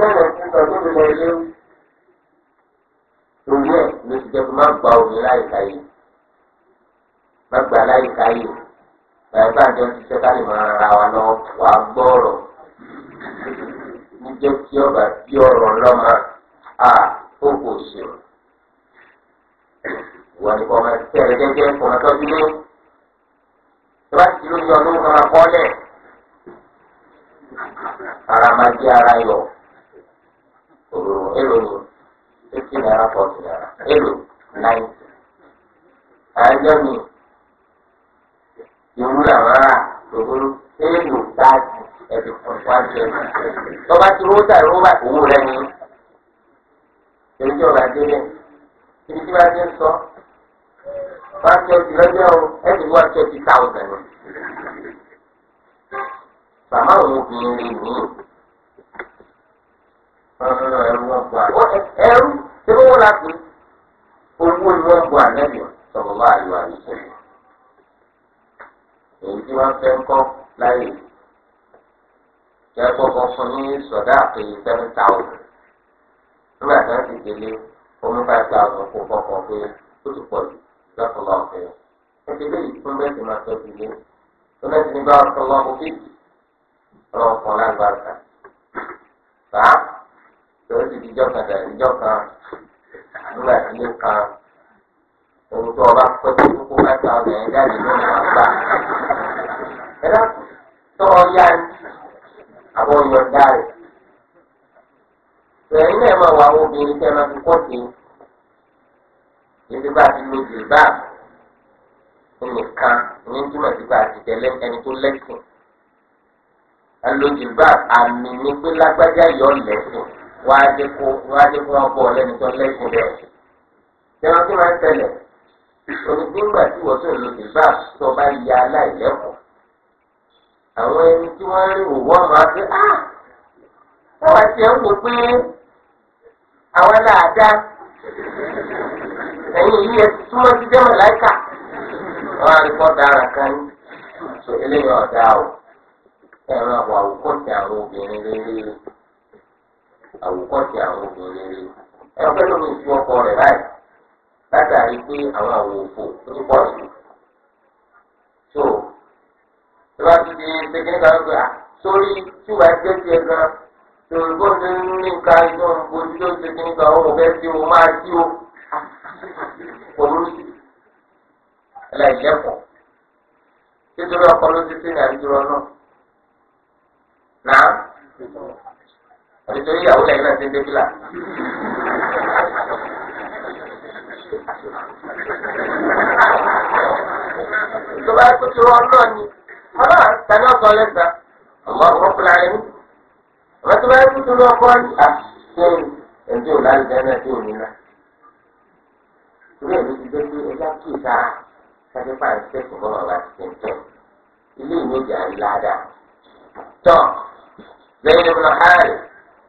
náà ìtọ́jú torí ẹ̀ ló ti jẹ́ kó má gba omi láyìíká yìí má gba láyìíká yìí bàbá àjọ ń ṣiṣẹ́ ká lè máa ra wa lọ wà á gbọ́rọ̀ níjẹ́ tí ọba tí ọ̀rọ̀ lọ́mọ à ó kò ṣe o ni kò máa tẹ̀lé gẹ́gẹ́ kò máa tọ́jú lé ìwà tí lórí ọdún kan máa kọ́ lẹ̀ ara máa di ara yọ òrò ẹlòmíràn fifty naira forty naira èlò ninety. àjọ mi ìlú làwọn ará gbogbo èlò láti ẹ̀dùn fún wájú ẹ̀dùn. lọ́ba tí owó tà lọ́ba owó rẹ̀ ni èyí tí ọba délé ibi tí wàá dé ń sọ one twenty lọ́jọ́ o ẹ̀sìn one twenty thousand. Màmá òun obìnrin lè ní ẹrú ọgbà ẹrú ṣé owó la pè owó ni wọ́n bu ànábì sọ̀rọ̀ wá àríwá rẹ̀ sẹ́yìn. èyí tí wọ́n fẹ́ kọ́ láyè ẹ̀kọ́ kan fún ní sọ̀dá àpèyí seven thousand nígbà tí wọ́n ti délé omi five thousand kó kọ̀ọ̀kan pé ó ti pọ̀ jù lọ́kọ̀ọ́lá ọ̀fẹ́ rẹ̀. ẹ ti lé ìfún bẹ́ẹ̀ ti máa tọ́jú ilé tó bẹ́ẹ̀ ti ní bá ọ̀kọ̀ọ́lá ọ̀fẹ́ ọ̀rọ̀ ọ̀kan lágbàá tòun ti di jọ́kan dàbí jọ́kan nígbà tí ilé kan ohun tó ọba pẹ́ tó kú bá ta ni ẹ̀ jáde ló ń wá gbà. ẹ dá tọ́ ọ yá àwọn ìyọ̀ǹda rẹ̀. Bẹ̀rẹ̀ náà máa wọ àwọn obìnrin tẹ́ máa fi kọ́ọ̀tì ibi bá ti lo jìlbá nìkan ní túmọ̀ sí bá ti tẹ̀lé ẹni tó lẹ́sìn. Ẹ lo jìlbá àmì ní pé lágbájá yọ lẹ́sìn. wá dé kó wá dé kó tó lẹ́kùn bẹ́ẹ̀. Ìjọba tí wọ́n ń tẹ̀lẹ̀ onígbìngbà tí wọ́n tó lò dìbà tó bá Àwọn ẹni tí rí òwò àti ah! á ń wò pé àwọn yìí ẹ túmọ̀ kan eléyìí ọ̀dà o. Ẹ̀rọ àwọn àwòkọ́ ti àwọn àwòkọ́ṣe àwọn obìnrin rí ẹgbẹ́ lómi ju ọkọ rẹ̀ báyìí látàrí pé àwọn àwòfò ń pọ̀ so tí ti di ṣẹ́gẹ́rẹ́ kan pé sórí tí wàá gbé tiẹ̀ gan sórí bó ṣe ń ní ká iná ojú ló ṣe kí nípa ọmọ bẹ́ẹ̀ tí máa o òru ẹlẹ́yẹ̀kọ̀ nítorí ọkọ ló ti sí ní nítorí ìyàwó lẹ́yìn náà ti ń débìlà. tó bá tó ti rọ náà ni ọlọ́run tani ọ̀sán lẹ́sà ọmọ ọmọ kúlẹ̀ ayé mi ọmọ tó bá tó ti rọ ọkọ ni à ṣé ẹjọ́ ò láì dáná ẹjọ́ ò ní náà. ìwé ìlú ti dé pé ẹja kí ìta kájọ pa ẹsẹ̀ fún bọ́lá ọba ti tẹ̀ ilé ìwé ìjà ńlá dáa. tọ́ zẹ́yìn ló ń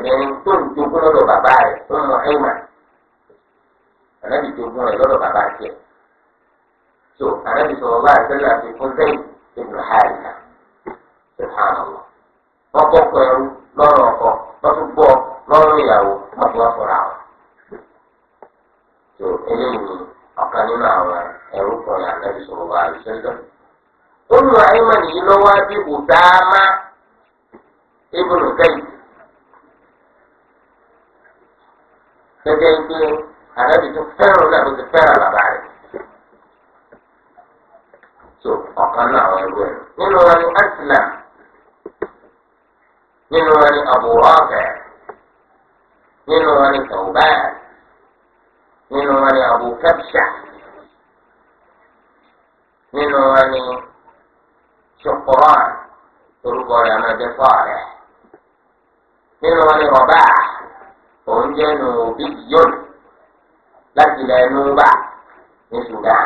obìnrin tó ń jogún lọ́dọ̀ bàbá rẹ̀ tó ń ànábì jogún rẹ̀ lọ́dọ̀ bàbá tiẹ̀ tó ànábì sọ̀rọ̀ bá àtẹ́lẹ̀ àti fún zayn ibn haritha subhanallah kọ́ lọ́rùn ọkọ wọ́n tún gbọ́ lọ́rùn ìyàwó tún wọn tó eléyìí ọ̀kan nínú àwọn ẹrú kan yà ànábì sọ̀rọ̀ bá àtẹ́lẹ̀ ó lù gẹ́gẹ́ pé ànábì tó fẹ́ràn náà ló ti fẹ́ràn bàbá rẹ̀. so ọ̀kan náà àwọn ẹrú ẹ̀ nínú wọn ni asilam nínú wọn ni Abu Rafi nínú wọn ni Tawban nínú wọn ni Abu nínú wọn ni Shukran orúkọ rẹ̀ àmọ́ ẹ̀jẹ̀ nínú wọn ni Rabah. òun jẹ́ nùbí yòn láti ilẹ̀ nùbà ní Sudan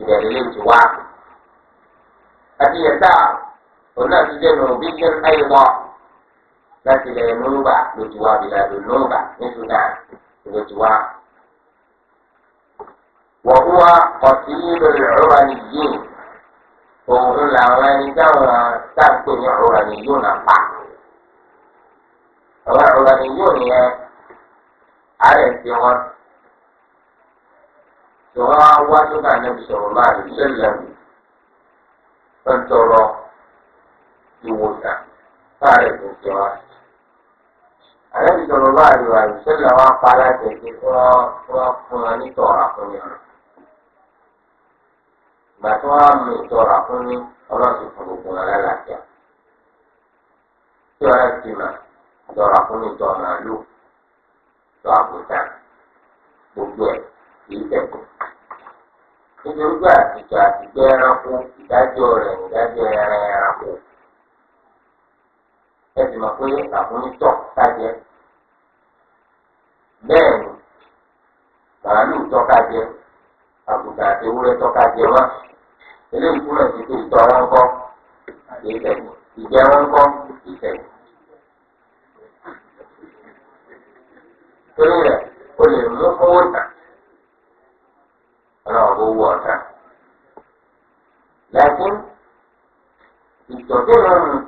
ìbẹ̀rẹ̀ lè ti wá. àti yẹ̀sà òun náà ti jẹ́ nùbí yòn ayọ̀ láti ilẹ̀ nùbà ló ti wá bìlà ló nùbà ní Sudan ló ti wá. وهو nla العرانيين òun làwọn ẹni táwọn táàpé ní ọ̀rọ̀ àníyàn náà pa. àwọn àrùnbá ni yóò ní ẹ àárẹ̀ ti wọn tí wọn á wá tó bá níbi sọ̀rọ̀ láàrin sẹ́lẹ̀ ń tọrọ ìwòsàn láàrin tó ti wọn. Àlẹ́bí sọ̀rọ̀ láàrin ìwàlú sẹ́lẹ̀ wọn pa láti ẹ̀jẹ̀ fún wọn nítọ̀ọ̀ àfúnni rẹ̀. tí wọ́n á mú ìtọ̀ọ̀ àfúnni ọlọ́sìn fún gbogbo wọn lálàáfíà. Tí wọ́n á ti máa tọrọ àfúnitọ màálù tọ àbùtà gbogbo ẹ kìí tẹkùn nítorí pé àtìjọ àtìgbẹ ẹranko ìdájọ́ rẹ̀ ìdájọ́ ẹran ẹranko ẹ sì mọ̀ pé àfúnitọ sájẹ bẹ́ẹ̀ ni màálù tọ́ka jẹ àti ewúrẹ́ tọ́ka wá eléyìí túmọ̀ sí pé ìtọ́ wọn kọ́ àti ìtẹ̀kùn ìjẹ wọn kọ́ ìtẹ̀kùn. torí rẹ̀ o lè mú owó tà ọlọ́run bó wú ọ̀tá. Lẹ́kìn ìtọ́jú ìrọ̀rùn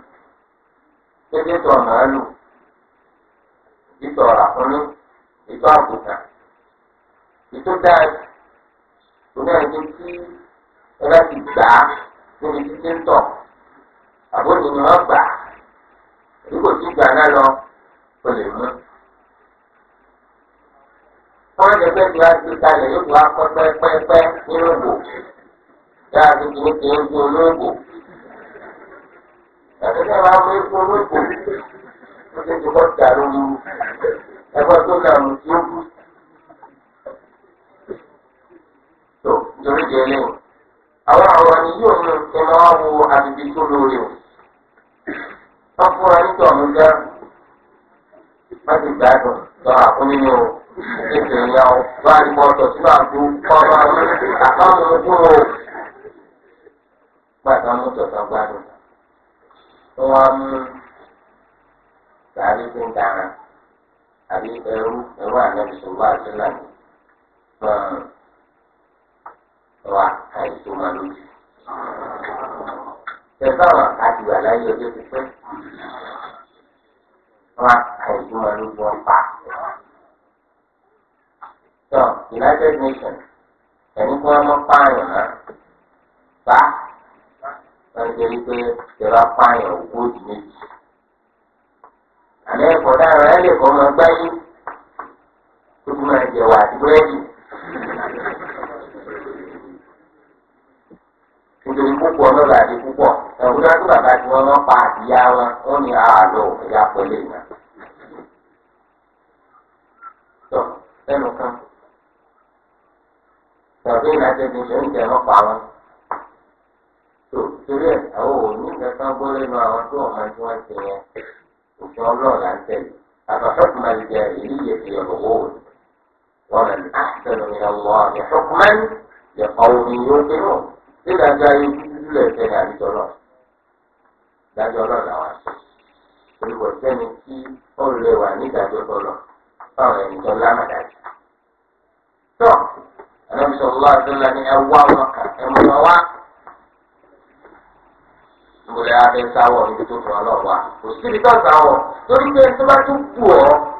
títí tọ̀ màálù ìtọ̀ ràkúnmí ìtọ̀ àgùntàn ìtọ̀ dáadé ìtọ̀ ẹni tí ẹ bá ti gbà á níbi títí ń tọ̀ ni wọ́n gbà á èyí kò tí wọ́n jẹ́ pé ìgbà ti kalẹ̀ yóò tó akọ pẹ́pẹ́pẹ́ nínú ògbò yára ti kìí kìí ń olóògbò ẹ̀ẹ́dẹ́gbẹ́ wa mú ikú olóògbò ó ti ti kọ́ lórí tó tí ó kú. tó di àwọn àwọn ni yóò mú wo àbíbí tó lórí o wọ́n fún o. ètò ìyá o bá ní mo sọ síbà tó kọ́ bá mi àbámu o. Bàtà mú tọ̀tà gbádùn. Wọ́n wá mú sàárì tó ń àbí ẹrú ẹrú ànábi tó bá ti là ní. Wà káyì máa lójú. Tẹ̀sán wà àdìgbà láyé ọjọ́ ti pẹ́. Wà káyì tó máa lójú wọn United Nations ẹni tí pààyàn náà bá pààyàn ogójì méjì. Àmì dára lè ọmọ gbáyé tó fi máa jẹ wà búrẹ́dì. nítorí púpọ̀ lọ́la àti púpọ̀ náà tó bàbá tí tàbí ìlàjẹ ti ṣe oúnjẹ lọ́pàá wọn. torí ẹ̀ àwọn òní kankan gbọ́ lẹ́nu àwọn tó ọmọ tí wọ́n ti yẹn òfin ọlọ́run là ń tẹ̀lé àfàfẹ́kù máa lè jẹ èyí yẹ ti yọ̀bọ̀ wò ó wọn lè àṣẹnu ní ọwọ́ àmì ṣọkùnmẹ́n lè kọ́ omi yóò dé wọ̀ nígbà tí ayé dúdú lẹ̀ tẹ̀lé àbíjọ náà dájọ́ náà làwọn àṣẹ olùkọ́ sẹ́ni tí ó lè wà nídàájọ́ tọ́lọ̀ fáwọn ẹ̀yìn ẹnìbi sọlọ àdúrà ní ẹwà ọlọkà ẹmọlọ nbọlẹ abẹ sáwọ níbi tó tún ọlọ kò síbi tó sáwọ torí pé tó bá ọ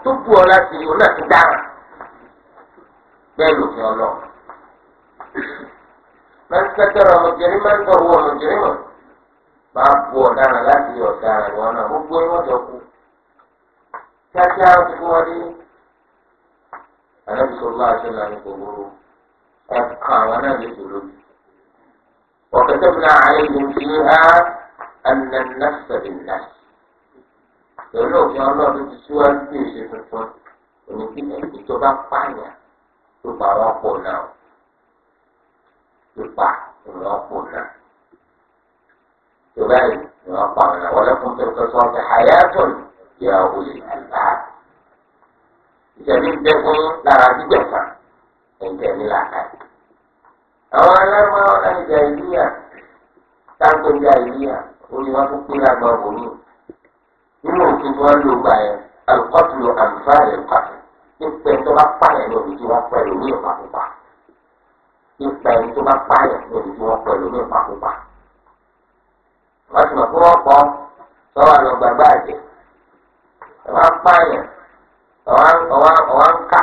tó bù ọ láti ọlọ tó dára bẹ́ẹ̀ ló fi ọlọ. mẹsàkẹrọ ọmọdéjìrì máa ń tọwọ ọmọdéjìrì mọ bu láti ìwọ náà gbogbo ẹ wọn jọ kú kíákíá ẹ̀ka àwọn وكتبنا عليهم فيها أن النفس بالنفس lórí òfin ọlọ́run ti síwájú bí èsì tuntun òní kí ẹ̀mí tó bá pààyàn tó pa wọ́n pọ̀ náà tó pa wọ́n pọ̀ náà tó báyìí ni wọ́n pa wọ́n náà wọ́n lẹ́kùn tó kẹ́kọ̀ọ́ sọ́ọ́ fi hayatun yà olè àlùbá ìṣẹ̀lẹ̀ ń bẹ́ fún lára gbígbẹ̀sán ẹ̀jẹ̀ nílà káyì. àwọn alárùbáwá náà ìjà ìlíyà táǹkì ìjà ìlíyà orí wọn tó pé lágbà òní nínú òfin tí wọn lò gbà yẹn alùpàtúlò àlùfáà yẹn pàtó ìpè tó bá pààyàn lórí tí wọn pẹ̀lú ní ìpàkùpà ìpè tó bá pààyàn lórí tí wọn pẹ̀lú ní ìpàkùpà. wọ́n ti mọ̀ pé wọ́n kọ́ sọ́wọ́ àlọ́ àjẹ́ ẹ̀ wá pààyàn ọ̀wá ń kà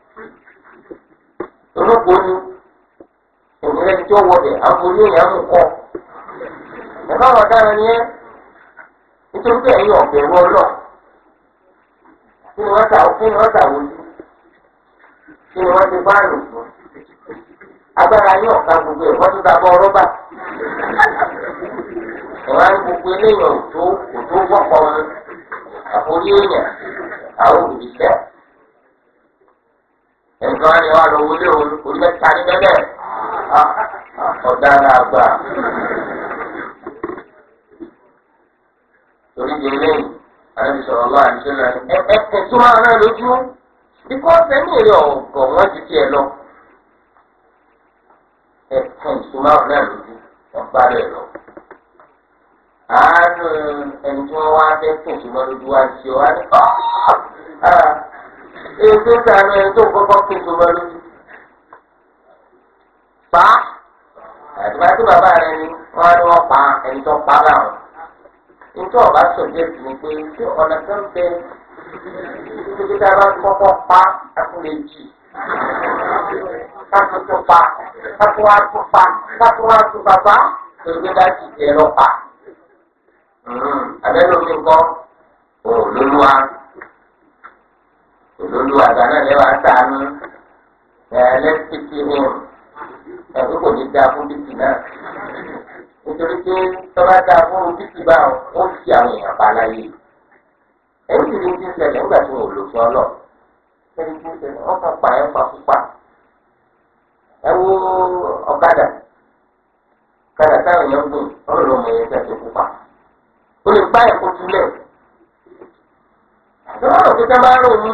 olóko ni e tí ó wọlé àforí èèyàn mú kọ ẹ̀fọ́ àwọn ọ̀daràn ni ẹ́ nítorí pé ẹ̀yin ọ̀bẹ̀ wọ lọ kí ni ta kí ni ta wò kí ni ti bá lò fún agbára yín ọ̀ka gbogbo ẹ̀ wọ́n bọ́ rọ́bà ẹ̀gbọ́n ni wà lówó lé orí mẹ́ta ní bẹ́ẹ̀ ah, ọ̀daràn àgbà torí di eléyìí àlejò sọ̀rọ̀ lọ́wọ́ àdìsẹ́ náà ẹ ẹ ẹ̀tún máa rẹ lójú bíkọ́ sẹ́mi èrè ọ̀gọ̀ wọ́n ti tiẹ̀ lọ ẹ̀kan ìsúná rẹ lójú wọ́n gbá rẹ lọ. àánú ẹni tí wọ́n wá fẹ́ fún ìsúná lójú wá sí ọ wá ní. Ah, ah, èyí tó ń sàánú ẹni tó ń kọ́kọ́ kí n tó bá lójú. pa àtìmá tí bàbá rẹ ni wọ́n á ní wọ́n pa ẹni tó pa báwọn. nítorí ọba sọ̀jẹ̀tì ni pé tí ọ̀nà tó ń bẹ títí tá a bá kọ́kọ́ pa àtúnlẹ̀ jì káfí tó pa káfí wá tó pa káfí hmm. wá tó bàbá èyí bá ti jẹ lọ pa. omi kan òun ló lù wá ìlólú àgbà náà lẹ́wà sànú ẹlẹ́sìtì hìm ẹ̀kọ́ kò ní dáa fún bìtì náà nítorí pé tọ́ba dáa fún bìtì báwọn ó fi àwọn èèyàn pa láyé ẹ̀rú ti di ti ń ṣẹlẹ̀ nígbà tí wọn ò lò fún ọlọ́ ẹ̀rí ti ń ṣẹlẹ̀ wọ́n kàn pa ẹ̀ pa púpà ẹ wo ọ̀kadà ọ̀kadà táwọn èèyàn gbìn ọ̀rọ̀ ló mọ ẹ̀yẹ tẹ̀sí púpà ó lè pa ẹ̀kọ́ túlẹ̀ àti wọ́n rò pé tẹ́ bá rò ní.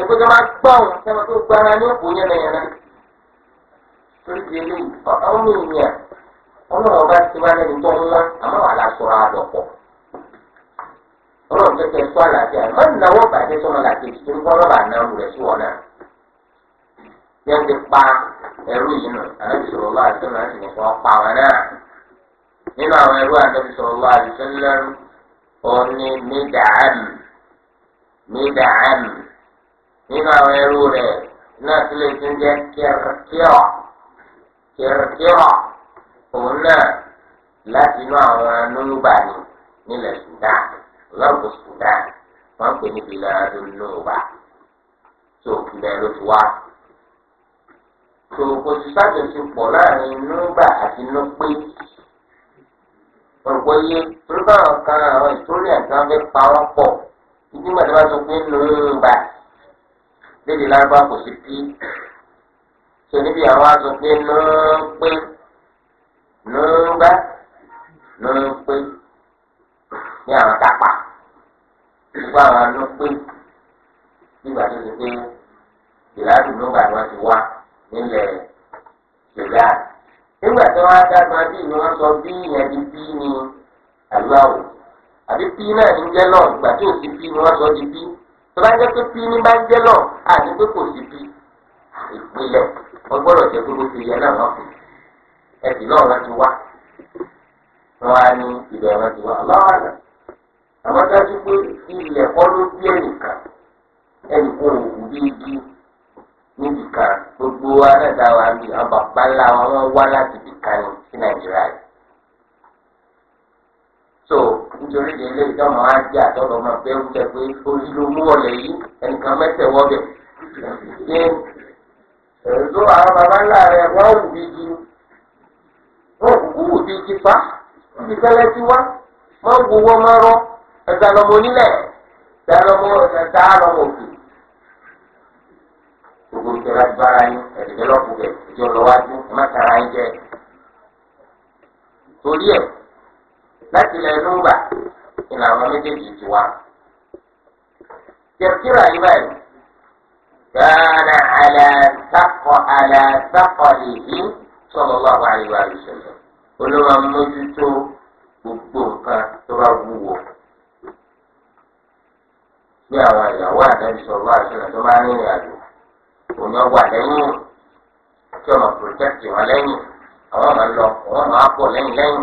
ẹgbẹ́ tó máa gbọ́ ọ̀hún sẹ́wọ́n tó gbára ní òkú yẹn yẹn náà torí di eléyìí ọ̀hún mi ìyẹn ọlọ́run ọba ti wá lẹ́nu tó ń wá àmọ́ wà lásọ̀rọ̀ àdọ̀pọ̀ ọlọ́run kẹ́kẹ́ sọ àlàáfíà má nàwó bàjẹ́ sọmọ làkejì torí kọ́ lọ́ba náà rẹ̀ sí wọn náà yẹn ti pa ẹrú yìí nù ànábi sọ̀rọ̀ lọ́wọ́ láti nìkan pa wọn náà nínú àwọn ẹrú ànábi sọ̀rọ̀ lọ́wọ́ nínú àwọn ẹrú rẹ̀ náà tí lè tún jẹ́ kírkírọ̀ kírkírọ̀ òun náà láti inú àwọn anúnúbà ni nílẹ̀ Sudan lọ́gbọ̀ Sudan wọ́n pè ní biladu nùbà tó ibẹ̀ ló ti wá. tó kò sí sájòsí pọ̀ láàrin nùbà àti nùpé ọ̀pọ̀ iye torí báwọn kan àwọn ìtúrí ẹ̀ka fẹ́ pa wọ́n pọ̀ ìdí mọ̀ tí wọ́n sọ pé nùbà lédè lárúbá kò sí pí tó níbi àwọn aṣọ pé nùpé nùbá nùpé ní àwọn tápà gbogbo àwọn nùpé nígbà tó ti pé ìlànà nùbà ni wọn ti wá nílẹ̀ ìlà nígbà tí wọn á dàgbà bí ni wọn sọ bí ìyẹn di bí ni àlùwà o àbí pí náà ń jẹ náà ìgbà tí ò pí ni wọn sọ di bí tó bá jẹ́ pé p ní bá jẹ́ lọ àti pé kò sí p ìpìlẹ̀ wọ́n gbọ́dọ̀ jẹ́ pé bó ti yẹ náà wọ́n fi ẹ̀sìn náà wọ́n ti wá wọ́n á ní ìbẹ̀rẹ̀ wọ́n ti wá aláwọ̀ àwọn dájú pé ilẹ̀ kọ́ ló bí ẹnìkan ẹnìkan òwú bí igi níbìkan gbogbo aládáwa bíi àwọn bàbá wọn wá láti bìkan ní Nàìjíríà yìí so nítorí délé ìjọba wa jẹ àtọ́lọ́ máa bẹ́ wúlẹ̀ pé orí ló mú ọ̀lẹ̀ yìí ẹnìkan mẹ́tẹ̀ wọ́bẹ̀ ṣe èso àwọn baba ńlá rẹ wọ́n wù bí jí wọ́n kúkú wù bí jí fa níbi fẹ́lẹ́ tí wá wọ́n wù wọ́n máa rọ ẹ̀dá lọ́mọ onílẹ̀ ẹ̀dá lọ́mọ ẹ̀dá lọ́mọ òkè gbogbo ìjọba ti bára yín ẹ̀dẹ̀dẹ̀ lọ́kùnrin ìjọba wájú ẹ̀ má láti ilẹ̀ lóńgbà ìlànà àwọn méjèèjì ti wá. tẹ̀síra yìí báyìí gánà àlàsàkọ̀ àlàsàkọ̀ lèyí sallallahu alaihi wa sallam olówó gbogbo nǹkan tó bá wúwo bí àwọn ìyàwó àtẹ̀bí sallallahu alaihi tó bá ní ìrìn àjò òní ọgbà lẹ́yìn ọmọ wọn lẹ́yìn àwọn ọmọ lọ lẹ́yìn lẹ́yìn.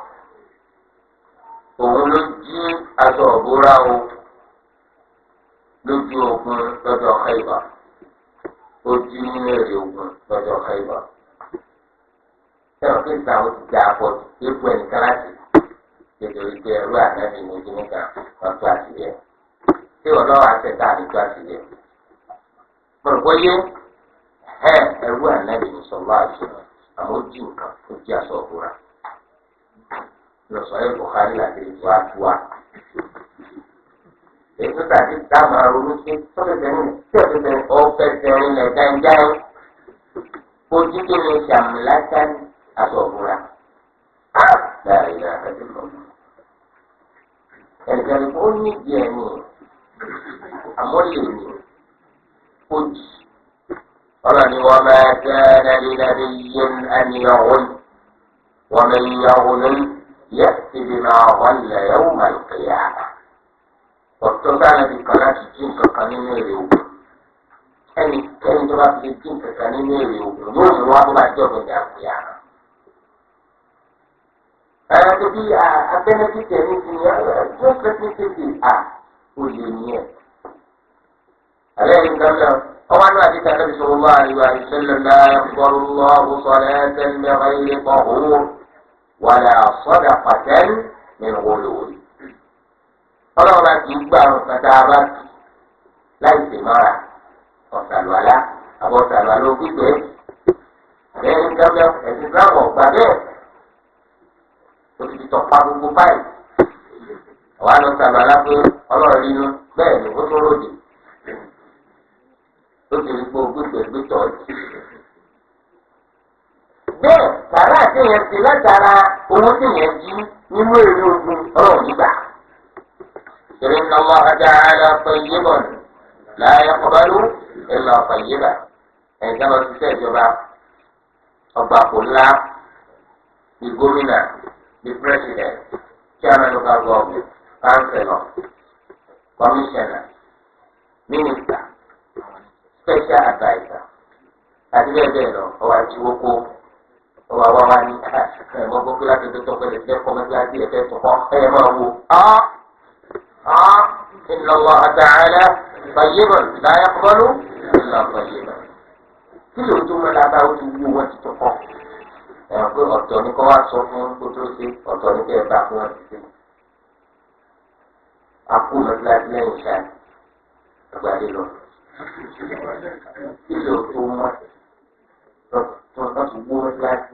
òun ló jí aṣọ òbúra o lójú ogun lọ́jọ́ Khayba ó jí nínú ogun lọ́jọ́ Khayba sẹ́wọ̀n kí nǹkan ó ti dà pọ̀ ipò ẹnìkan láti nítorí pé ẹrú ànábì ní ojú wọn tó àṣìyẹ tí wọn lọ́wọ́ àṣẹta àbí tó àṣìyẹ pọ̀lùpọ̀ yé ẹrú ànábì ní sọ̀rọ̀ àṣìyẹ àmọ́ nǹkan lọ sọ yóò Bukhari láti rí wa tú wa. èso tàbí táwọn arúgbó ṣe sọ́kẹ̀tẹ̀ ní sọ́kẹ̀tẹ̀ ọ̀fẹ́sẹ̀ ilẹ̀ gánjáì ojú kí ni ṣàmùlátà àbọ̀bùra. láàrin náà àti lọ́mọ. ẹ̀gbẹ́ni ó ní díẹ̀ ní àmọ́ lè ọlọ́ni wọn máa dáná ní yẹn àníyàn òun wọ́n máa ń yan òun lónìí yẹ́tì bí máa wọlé yẹ́wò máa pè é àná. ọ̀tún dáná bí kan láti dín kankan nínú èrè ogun. ẹnì kẹ́ni tó bá fi lè dín kankan nínú èrè ogun yóò ní wá tó bá jẹ́ ọ̀gbìn ní àpè àná. Ẹ̀rọ tó bí abẹ́nẹ́dìtì ẹ̀mí ti ní ẹ̀rọ tó ṣẹ́ni tètè à ó lè ní ẹ̀. Àlẹ́ yìí kan lọ, ọwọ́ àná àti tàbí sọ̀rọ̀ wá àríwá ìṣẹ̀lẹ̀ náà ẹ̀kọ́ lọ́wọ́ sọ̀rọ̀ ẹ̀ wàlà sọ́dà pàtẹ́lì nínú wọlé ọlọ́run bá kì í gbà àrùn kan tá a bá kì láì sè mọ́ra ọ̀sàlùwàlá àbọ̀ ọ̀sàlùwàlá ògbígbé ẹ̀yìn gbẹ́gbẹ́ ẹ̀sìn islam ọ̀gbà bẹ́ẹ̀ òtítì tọ̀pa gbogbo báyìí ọ̀wá lọ sàlùwàlá pé ọlọ́run nínú bẹ́ẹ̀ ni ó tó ròdì ó ti rí pé ògbígbé gbé tọ̀ ọ́ bẹ́ẹ̀ sàrà àtẹ̀yẹn ti látara owó tẹ̀yẹn jí nínú èrè ogun ọ̀rọ̀ nígbà. ìṣẹ̀lẹ̀ ń lọ́wọ́ ajá ara pẹ̀lú bọ̀ láyé ọ̀bálú ẹ̀lọ́ pẹ̀lú bá ẹ̀dá lọ sí ìjọba ọgbà kò ńlá bí gómìnà bí pírẹsidẹ̀nt chairman local government àti bẹ́ẹ̀ bẹ́ẹ̀ lọ ọwọ́ ọba wa wa ni ẹ gbogbo kíláàsì tó tọ́ pẹ̀lẹ́ fẹ́ kọ́ mẹ́tíláàsì ẹ̀fẹ́ tó kọ́ ẹ máa wo á á inna Allaha ta'ala tayyiban la yaqbalu illa tayyiban kí ló tó mẹ́ta bá ó ti wú wọ́n ti tó kọ́ ẹ mọ̀ pé ọ̀tọ̀ ni kọ́ wá sọ fún kótó ṣe ọ̀tọ̀ ni kẹ́ bá fún wọn ti ṣe akú mẹ́tíláàsì lẹ́yìn ṣáà àgbàdo lọ kí ló tó mọ́ wọ́n ti wú mẹ́tíláàsì.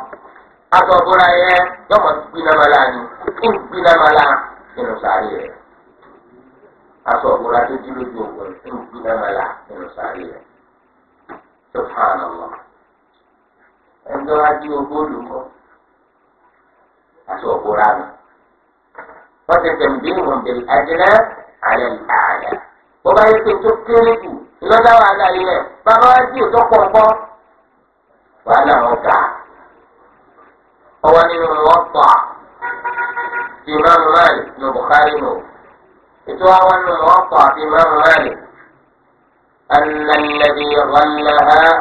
aṣọ ọ̀bọ̀ra yẹ yọmọ gbinamala ni kí n gbinamala nínú sàárì rẹ aṣọ ọ̀bọ̀ra tó dí lójú ogun kí n gbinamala nínú sàárì rẹ subhanallah ẹnjọ́ adí ogun olùkọ́ aṣọ ọ̀bọ̀ra mi wọ́n ti tẹ̀ bí wọn bẹ̀ ẹ̀dínà alẹ́ ààyè bó bá yẹ kí n tó kéré jù lọ́dọ̀ wàhálà yìí rẹ̀ bàbá wa dí òtọ́ pọ̀ wàhálà wọn kà á ọwọ́ nínú Muwatta ti Imam Malik ní Bukhari nù ètò àwọn nínú Muwatta ti Imam Malik annalẹ́bí ọ̀lẹ́hà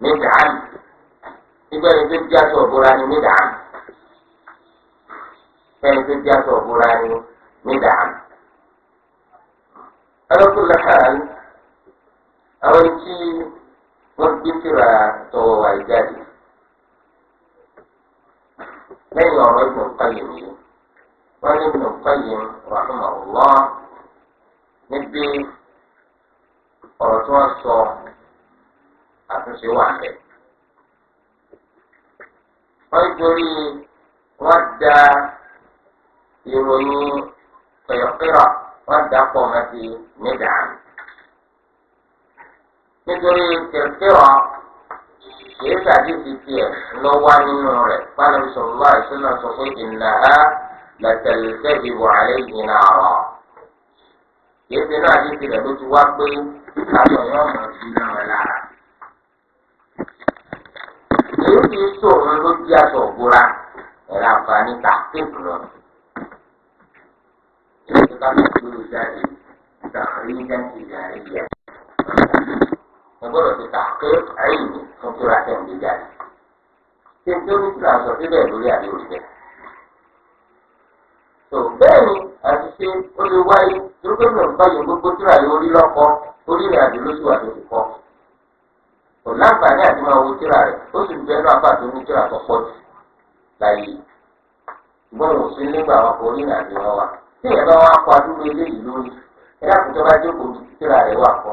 mídàn ìgbẹ́ ni tó di aṣọ òbúra ni mídàn ìgbẹ́ ni tó di aṣọ òbúra ni mídàn. ẹlọ́kùn lẹ́kàn àwọn tí wọ́n gbé tìrà tọ̀wọ̀ wà lẹ́yìn ọ̀rọ̀ Ibn Qayyim yìí wọ́n ní Ibn Qayyim rahimahullah níbi ọ̀rọ̀ tí wọ́n sọ àtúnṣe wà lẹ̀. wọ́n nítorí wọ́n da ìròyìn pẹ̀yọ̀pẹ̀rọ̀ wọ́n da pọ̀ mọ́ ti nídàá. nítorí pẹ̀yọ̀pẹ̀rọ̀ kìí sàdí ti tiẹ̀ lọ wá nínú rẹ̀ pálọ̀ ìṣòro àìsílẹ̀ sọ pé ìnáhà lẹ̀tẹ̀lẹ̀tẹ̀ ìbò àlẹ́ ìyìnà ọ̀rọ̀. kìí sinú àdí tirẹ̀ ló ti wá pé aṣọ yóò mọ̀ sí iná rẹ̀ lára. èyí ti sòrò ló di aṣọ ògbóra ẹ̀rọ àǹfààní tàkìtì lọ. ìrètí ká ló ń gbèrò jáde ìtàkùn ìdẹ́ntì ìyá ẹ̀yẹ. gbọ́dọ̀ ti ta ké ẹ̀yìn fún kíra tẹ̀ ń gbé jáde. ṣé tó ní kíra sọ síbẹ̀ lórí àbí òrí bẹ́ẹ̀. tó bẹ́ẹ̀ ni àti ṣe ó lè wáyé lórí pé mo bá gbogbo orí lọ́kọ lóṣù àti oṣù kọ. kò àti máa wo rẹ̀ ó sì ń bẹ́ẹ̀ ní tó pọ̀ jù láyé. nígbà tí ìyẹn bá wá kọ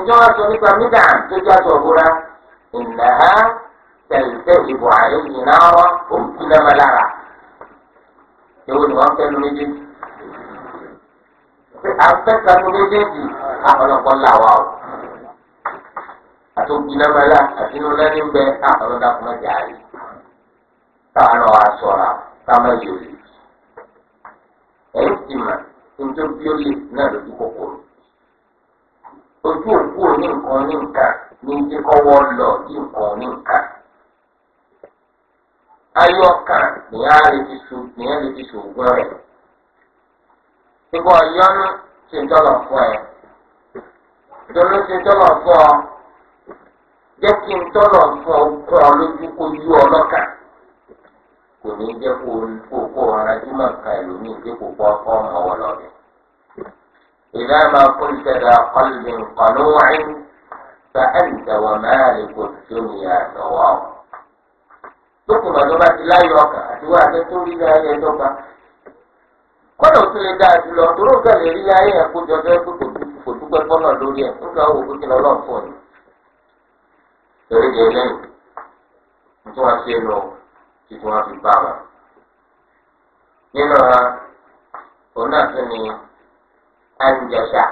ǹjẹ́ wọ́n sọ nípa mídà tó jẹ́ aṣọ òbúra ìnáhà tẹ̀lifẹ̀ ìbò àyè ìnáwó òǹkùnàmọ́ lára. ewu ni wọ́n fẹ́ nu méjèèjì. afẹ́ka nu méjèèjì àkọlọ́kọ́ là wà o. àtòkùnàmọ́lá àti nulẹ́ni ń bẹ àkọlọ́dàkùnmọ́ jàre. káwọn náà wà sọ̀rọ̀ káwọn yóò lè. ẹ̀yìn ti mà nítorí bí ó lè náà lójú kòkòrò. ojú òkú òní nǹkan ní nǹkan ní ti kọ́wọ́ lọ sí nǹkan ní nǹkan. ayọ́kàn nìyá lè ti sùn nìyá lè ti sùn ògùn rẹ̀. ìbọn ìyọnu ti ń fún ẹ. ìdọ́lọ́ ti ń fún ọ. jẹ́ kí n tọ́lọ̀ fún ọ kún ọ lójú kojú ọ kò ní jẹ́ kó o kó o rájú إذا ما قلت ذا قلب قنوع فأنت ومالك الدنيا سواء lókùnbà tó ti láyọ̀ ọkàn àti wá àti tó rí ayé ẹjọ́ kan kọ́nà tó lè dáa jùlọ dúró bẹ̀rẹ̀ rí ayé lórí wo fún fi àti jẹ̀ṣà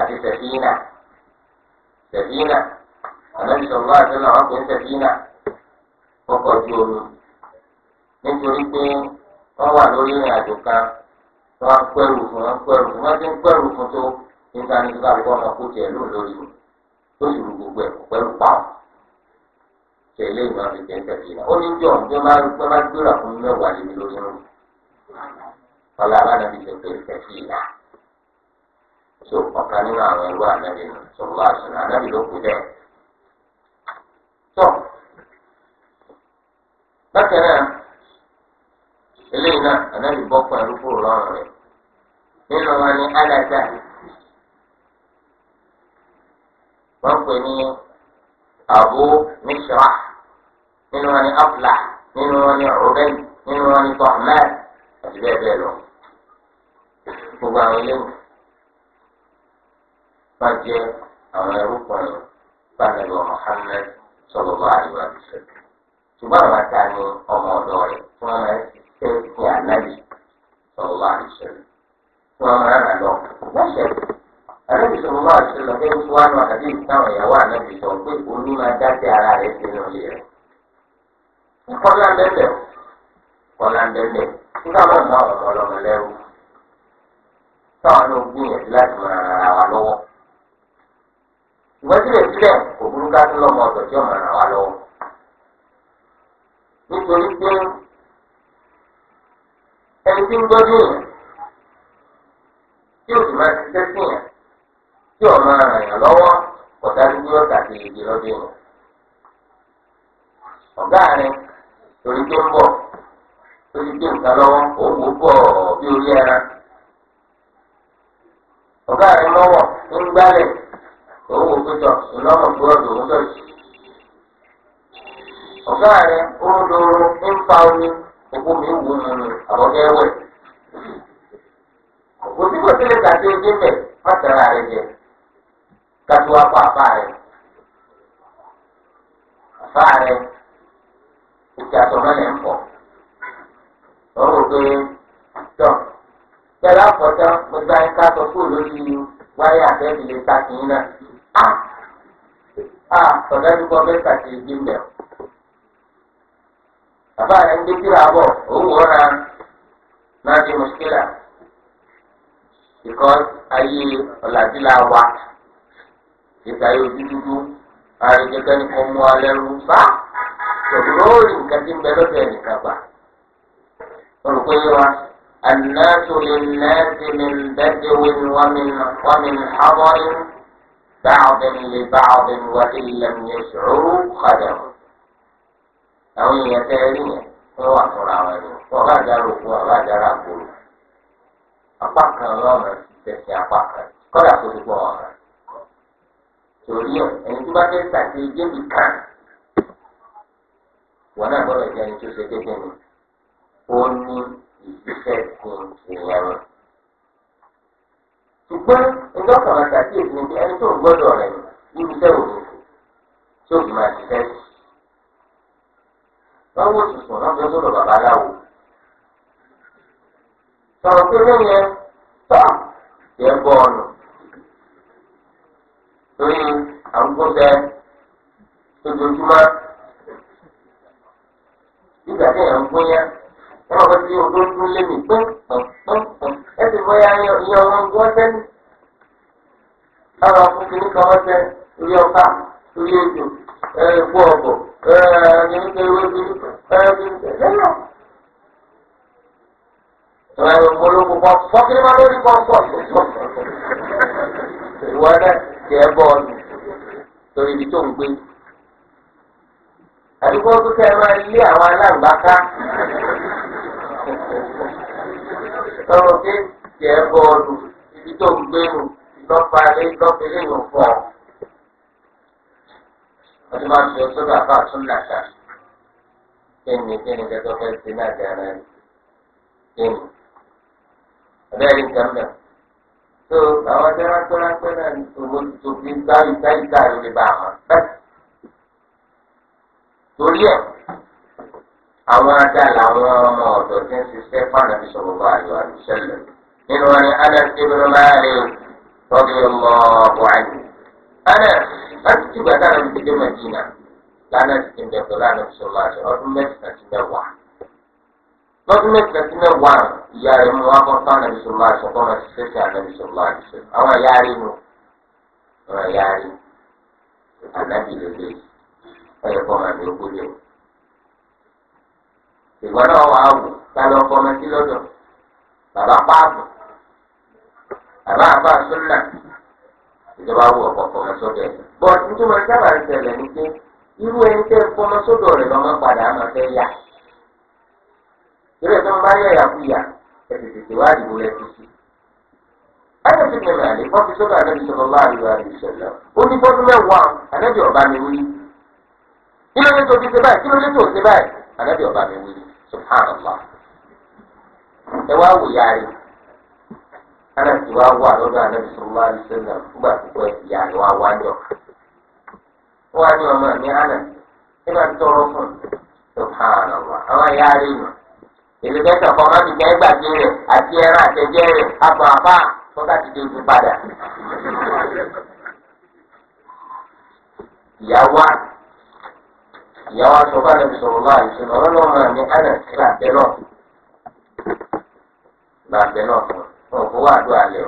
àti sẹ̀fínà sẹ̀fínà ànábi sọ̀rọ̀ àti ọ̀nà wọn pè ń sẹ̀fínà ọkọ̀ ojú omi nítorí pé wọ́n wà lórí ìrìn àjò kan wọ́n á fún wọn fún wọn ti ń pẹ́rù fún tó nígbà ní kíkà kó lóun lórí sì rú gbogbo kó pa ọlá abánabi ṣe pé kẹfì ìlà so ọ̀kan nínú àwọn ẹrú ànábì nù sọ̀rọ̀ àṣùnà ànábì ló kù dẹ́ tọ́ bákan náà eléyìí náà ànábì bọ́ pọ̀ ẹrú kúrò lọ́rùn rẹ̀ nínú wọn ni alájà wọ́n pè ní àbú mishra nínú wọn ni afla nínú wọn ni rubin nínú wọn ni tọ́hmẹ́t àti bẹ́ẹ̀ bẹ́ẹ̀ lọ. gbogbo àwọn eléwò bá jẹ àwọn ẹrú kan bá nàbẹ Muhammad sallallahu alaihi wasallam ṣùgbọ́n àwọn ata ni ọmọ ọ̀dọ́ rẹ̀ tí wọ́n máa ṣe ní ànábì sallallahu alaihi wasallam tí máa rà lọ. ànábì ìyàwó ànábì sọ pé olú máa ilé ń bẹ́ẹ̀ bẹ́ẹ̀ táwọn náà gbìyànjú láti máa ara wa lọ́wọ́ ìwọ́n sílẹ̀ kò burú ká tó lọ́mọ ọ̀dọ̀ tí ó máa ràn wa lọ́wọ́ nítorí pé ẹni tí ń gbọ́dọ̀ yẹn tí ó sì máa ṣiṣẹ́ sí yẹn tí ó máa ràn yàn lọ́wọ́ kọ̀dá dúdú ọ̀tà ti lọ́dọ̀ yẹn ọ̀gá rẹ̀ torí pé ń bọ̀ torí pé nǹkan lọ́wọ́ òun kò bọ̀ bí orí ẹran. ọ̀gá rẹ̀ lọ́wọ́ ń gbálẹ̀ òun wò pé tọ̀ ìlọ́mọ pé ọ̀dọ̀ òun dọ̀tí. ọ̀gá rẹ̀ ń ń fa omi òkú mi mí wẹ̀. kò ojú má rẹ̀ kátó wá rẹ̀. rẹ̀ ìjà tẹ̀lé àkọ́jọ́ gbogbo ayé ká sọ kúrò lórí wáyà àtẹ́bí lè ta kìí náà. a a sọ̀dọ̀ dúpọ̀ bẹ́ẹ̀ kàtì ìdí mbẹ̀. bàbá rẹ̀ ń gbé síra bọ̀ òun wò ra náà di mùsùlùmí. because ayé ọ̀làjú la wà ìta yóò dúdúdú àrùjẹgẹ nìkan mú alẹ́ rú bá tòun lórí nǹkan tí ń bẹ lọ́dọ̀ nìkan gbà. olùkóyè wa. الناس للناس من بدو ومن ومن حضر بعض لبعض وإن لم يشعروا خدم أو هي ثانيه قرآن وغدر وغدروا أقول أفكر الله ما تستطيع أفكر قد أقول بوغا تريد أن تبقى تستطيع بكام وأنا أقول لك أن تستطيع بكام ìfẹ́ ti èèyàn wọn. ṣùgbọ́n ẹjọ́ kan àtàkì èdè ni ẹni tó ń gbọ́dọ̀ rẹ̀ níbi iṣẹ́ òní tí ó fi máa ṣiṣẹ́ sí. wọ́n wò sùsùn wọ́n fi sọ́dọ̀ babaláwo. sọ̀rọ̀ pé lóye tọ́ yẹ bọ́ ọ̀nà torí àwùjọ bẹ ojoojúmọ́ nígbà tí èèyàn ń bí odó dún lé mi pé ẹ ti bóyá iye ọmọ wọn tẹ́lẹ̀ báwa fún kìnnì kan wọ́n tẹ́ iye ebe iye ebe ẹ̀ẹ́dẹ́gbọ́ ọ̀bọ̀ ẹ̀ẹ́dẹ́gbẹ́ ìwé bí ẹ̀ẹ́dẹ́gbẹ́ lẹ́yìn. ẹ̀rọ pé tiẹ̀ bọ́ọ̀lù ibi tó ń gbẹ́rù lọ́pàá lọ́pẹ̀lẹ́ yóò fọ́ ọ. wọ́n ti máa fi ọsọ́dọ̀ àbá tún nàṣà kéènì kéènì kẹ́tọ́ fẹ́ ṣe náà dára rẹ̀ kéènì. abẹ́rẹ́ nǹkan mẹ́. tó àwọn ẹgbẹ́ rápẹ́ rápẹ́ náà ní tòwó tòbí báyìí báyìí báyìí ló lè bá a mọ̀ bẹ́ẹ̀. torí ẹ̀ àwọn ajá làwọn ọmọ ọ̀dọ̀ tí ń ṣiṣẹ́ fáwọn ẹbí sọ̀rọ̀ bá àyọ̀ àdìsẹ́lẹ̀ nínú wọn ni Anas ibn Malik tọ́bi ọmọ buhari Anas láti tí gbàdá rẹ̀ ti dé Madina lánàá ti ti ń bẹ̀ pẹ̀lú Anas sọ̀rọ̀ àti ọdún mẹ́ta ti mẹ́wàá lọ́dún mẹ́ta sí mẹ́wàá ìyá rẹ̀ mú wọn kọ́ńtà nàbí sọ̀rọ̀ àṣọ kọ́ máa ṣiṣẹ́ sí ànàbí sọ̀rọ̀ àṣọ ìwọ náà wà áwò kálọ ọkọọmọ sí lọ́dọ̀ bàbá páàbù bàbá àbá sọlá ìjọba wù ọkọ ọkọọmọ sọ́dọ̀ ẹ bọ nítorí wọn sábà ń ṣẹlẹ̀ ní pé irú ẹni tẹ ọkọọmọ sọ́dọ̀ rẹ lọmọ padà á máa fẹ́ yá ìrẹ tó ń bá yẹ yàkúyà ẹ tètè tèwádìí wo ẹ ti sí. Ẹ̀rọ ti gbẹ̀mẹ̀ àlè kọ́ fi sọ́dọ̀ ànábi sọ̀rọ̀ láàrin àrùn ìṣẹ̀lẹ̀. Ó ní bọ́dún mẹ́wàá ànábi ọ̀bá mi wí. Kí ló dé tó ti ṣe báyìí? Kí subhanallah ẹ wá wò ana ti wá wà lọ́dọ̀ anabi sọlá ṣẹlẹ̀ nígbà púpọ̀ yára wá wájọ wọn ọmọ mi ana ẹ bá tọrọ fún subhanallah àwọn yára yìí gbàgbé àti ẹran àpò àpá ti dé ibi padà. ìyàwó àtọ́gbà nàbì sọ̀rọ̀ láàyè sọ̀rọ̀ ọlọ́run náà ní ànà sílà bẹ́ẹ̀ náà gbà bẹ́ẹ̀ náà fún un òkú wà dùn àlẹ́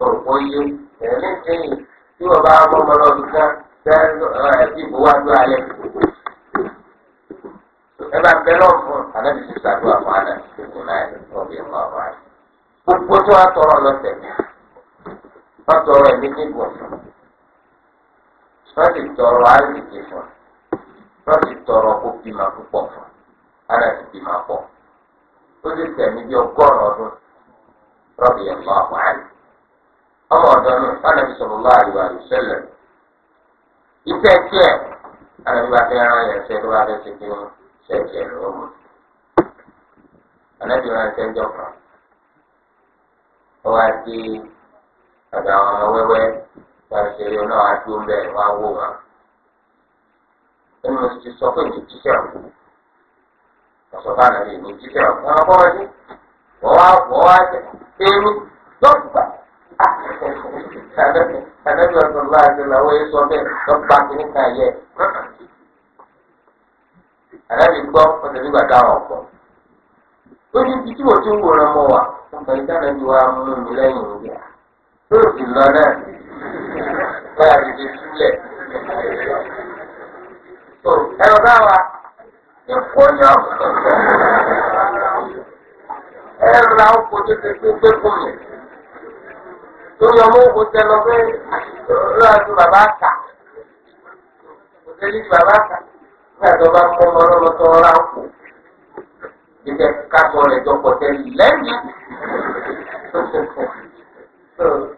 o òkú yé ẹ̀mí sẹ́yìn tí wọ́n bá mọ́ ọmọ lọ́dún kan bẹ́ẹ̀ ẹ̀bí ìbò wà dùn àlẹ́ ẹ bá bẹ́ẹ̀ náà fún un ànábì sì ṣàdúrà fún ànà ìṣègùn náà ọ̀bí ọ̀bá wa gbogbo tó wà tọrọ lọ́sẹ̀ wọ́n tọrọ ẹ̀mí nígbọ̀nsán. wọ́n tọrọ àríkì fún wọ́n ti tọrọ kó bímọ púpọ̀ fún ara ti bímọ pọ̀ ó ti tẹ̀mí bí ọgọ́rùn ọdún rọ́bì yẹn lọ àwọn àyè ọmọ ọ̀dọ́ ní Ànábì sallallahu alaihi wa sallam fẹ́ yẹn ṣe fẹ́ ṣe kí wọ́n ṣe lọ́wọ́ Ànábì ṣe jọ àgbà ṣàṣeyọrí ọlọ́run adó ń wá wò wá. ẹni mo ti sọ pé mi bá nàbí mi ọdún wọ́n wá wọ́n wá ọ̀sán bá a ti lọ wọ́n sọ bẹ́ẹ̀ kìíní yẹ. gbọ́ ọ̀sẹ̀ nígbà ọ̀pọ̀. Ó ní tí mo ti ń wòran mọ́ wa, ọ̀sẹ̀ ìdáná báyà dìde sílẹ̀. tó ẹ̀rọ báwa ikú ní ọ̀sán ẹ̀rọ làwọn kò tó ti fi gbé fún mi. lórí ọmọ òkú tẹ lọ pé lọ́wọ́ bàbá kà kò tẹ́lẹ̀ ju bàbá kà nígbà tó bá kọ́ ọmọ ọlọ́mọ tó ọlá ń kù ìgbẹ́ ká sọ rẹ̀ jọ pọ̀ tẹ́lẹ̀ lẹ́yìn. [LAUGHS]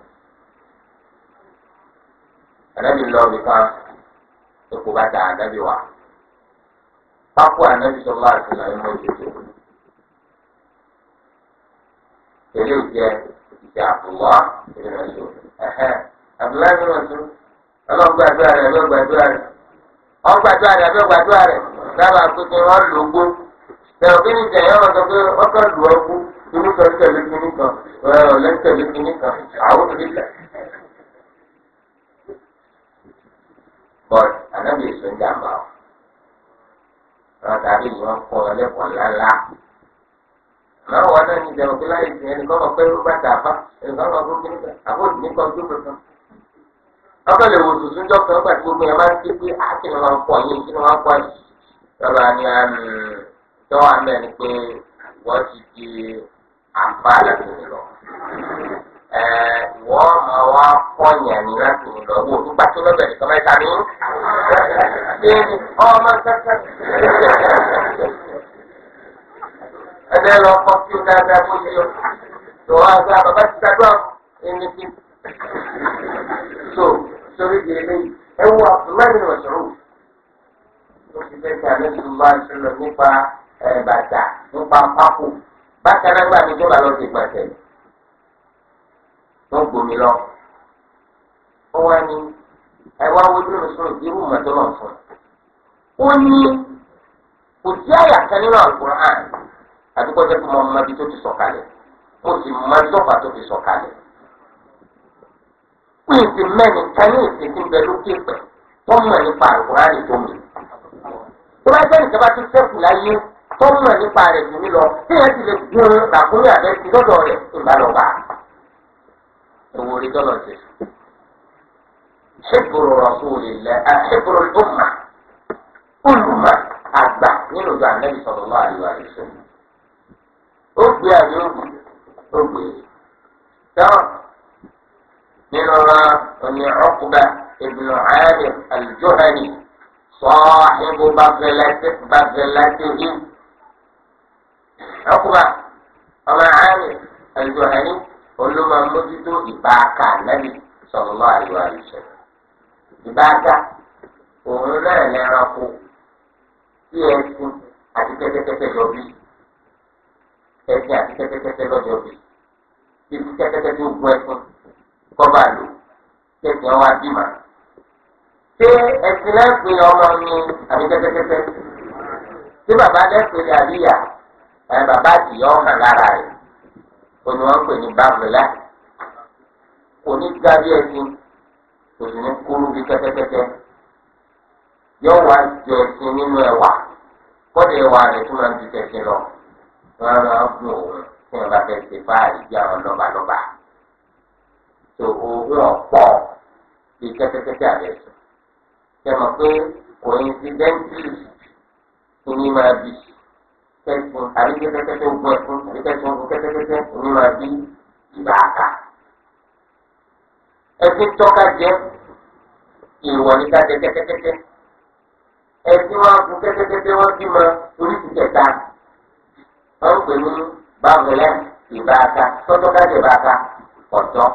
anabi lọ nìkan epo bá da anabi wá pápá anabi sọlá àti ìlànà ìmọ̀ òjòjò tẹ̀lé ìjẹ ìjẹ àbúwá ìrìn àjò ẹ̀hẹ́ abdullahi bin masu ọlọ́gbàdúrà rẹ̀ ọlọ́gbàdúrà rẹ̀ ọgbàdúrà rẹ̀ ọlọ́gbàdúrà rẹ̀ dábàá pípé wọn lò ó gbó tẹ̀wọ̀ kí ni jẹ̀yẹ́ wọn sọ pé ọkọ̀ lù ọ́ gbó inú kan tẹ̀lé kinní kan kan àwọn òbí but ànábì èso ń jàmbá o àwọn tàbí yìí wọn kọ ẹlẹ́kọ̀ọ́ ńláńlá náà wọn náà ní ìdẹ̀rùn pílá ìsìn ẹni kọ́ máa ló bá tàbá ẹni kọ́ máa gbókè níta àbóòdì ní kọ́ gbó lè tuntun jọ kan gbàtí gbogbo yẹn máa ń ké pé ni wọn kọ kí ni wọn kọ yìí ni àmì ẹni pé wọ́n ti di àǹfààní lọ. wọ́n máa wá kọ́nyà ní láti lọ wò nígbà tó lọ́dọ̀ nìkan mẹ́ta ní. Bẹ́ẹ̀ni ọmọ kẹ́kẹ́. Ẹgbẹ́ lọ kọ́ kí ó dáadáa bó yẹ o. Tó wá gba ah, bàbá ti gbàgbọ́ ẹni tí. So sórí di eléyìí, ẹ wo Abdullahi ní ọ̀ṣọ́rù. Ó ti fẹ́ kí àlejò bá ń ṣẹlẹ̀ nípa bàtà nípa pákó. Bákan náà gbà mí tó bá lọ sí wọ́n gbomi lọ. wọ́n wá ní ẹ̀wá wojú mùsùlùmí irú mọ̀tọ́ náà fún un. ó ní kò sí àyà kan nínú Al-Qur'an àti kọjá tó mọ ọmọdé tó ti sọ̀kalẹ̀ mo sì mọ ẹjọ́ba tó ti sọ̀kalẹ̀. pé ìsìn mẹ́rin kan ní ìsìn tí ń bẹ lókè pẹ̀ tó mọ̀ nípa Al-Qur'an tó mi. tó bá jẹ́ ìjọba tó sẹ́kù láyé tó mọ̀ nípa rẹ̀ jù mí lọ tí yẹn ti lè gbé làkúnyà bẹ́ẹ̀ ti lọ́dọ̀ rẹ̀ ìbálòpá. ewu orí tọ́lọ̀ ṣe sùn. ṣébùrù umma olùmọ̀ àgbà nínú ìjọ ànábì sallallahu alaihi wasallam. ó gbé àdé ògùn ó gbé tán nínú olóma mójútó ìbáka nẹ́bí sọ̀rọ̀ àríwá ìṣẹ̀. ìbáka òun náà lẹ́ranko tí ẹṣin àti kẹ́tẹ́kẹ́tẹ́ lọ bí ẹṣin àti kẹ́tẹ́kẹ́tẹ́ lọ́jọ́ bí títí kẹ́tẹ́kẹ́tẹ́ tó gun ẹṣin kọ́ba lò kẹ́tẹ́ wá bímọ. ṣé ẹṣin náà pe ọmọ ní àbí kẹ́tẹ́kẹ́tẹ́? ṣé bàbá lẹ́pẹ̀lẹ̀ àríyá bàbá àtìyọ́ hàn lára rẹ̀? òní wọn ń pè ní bàbélà kò ní gábí ẹsìn kò sì ní kúrú bí kẹ́tẹ́kẹ́tẹ́ yóò wá jẹ ẹsìn nínú ẹwà kọ́dọ̀ ẹwà rẹ̀ tó máa ń ju tẹ̀sìn lọ wọn máa ń gun òun tí wọn bá fẹ́ ṣe fáàrí bí àwọn lọ́balọ́ba tó òun ọ̀pọ̀ bí kẹ́tẹ́kẹ́tẹ́ àbẹ̀sùn kẹ́mọ̀ pé kò ní sí dẹ́ńtìlì kí ni máa bì í kẹsùn àbí kẹtẹkẹtẹ ogun ẹkún àbí kẹsùn ogun kẹtẹkẹtẹ onímọ̀ àbí ibà àká. ẹtí tọ́ka jẹ́ ìwọ̀ ní kájẹ kẹtẹkẹtẹ ẹtí wọn gun kẹtẹkẹtẹ wọn bí mọ oríṣi kẹta wọn pè ní bàbẹlẹ ibà àká tọ́tọ́ka jẹ ibà àká ọ̀tọ̀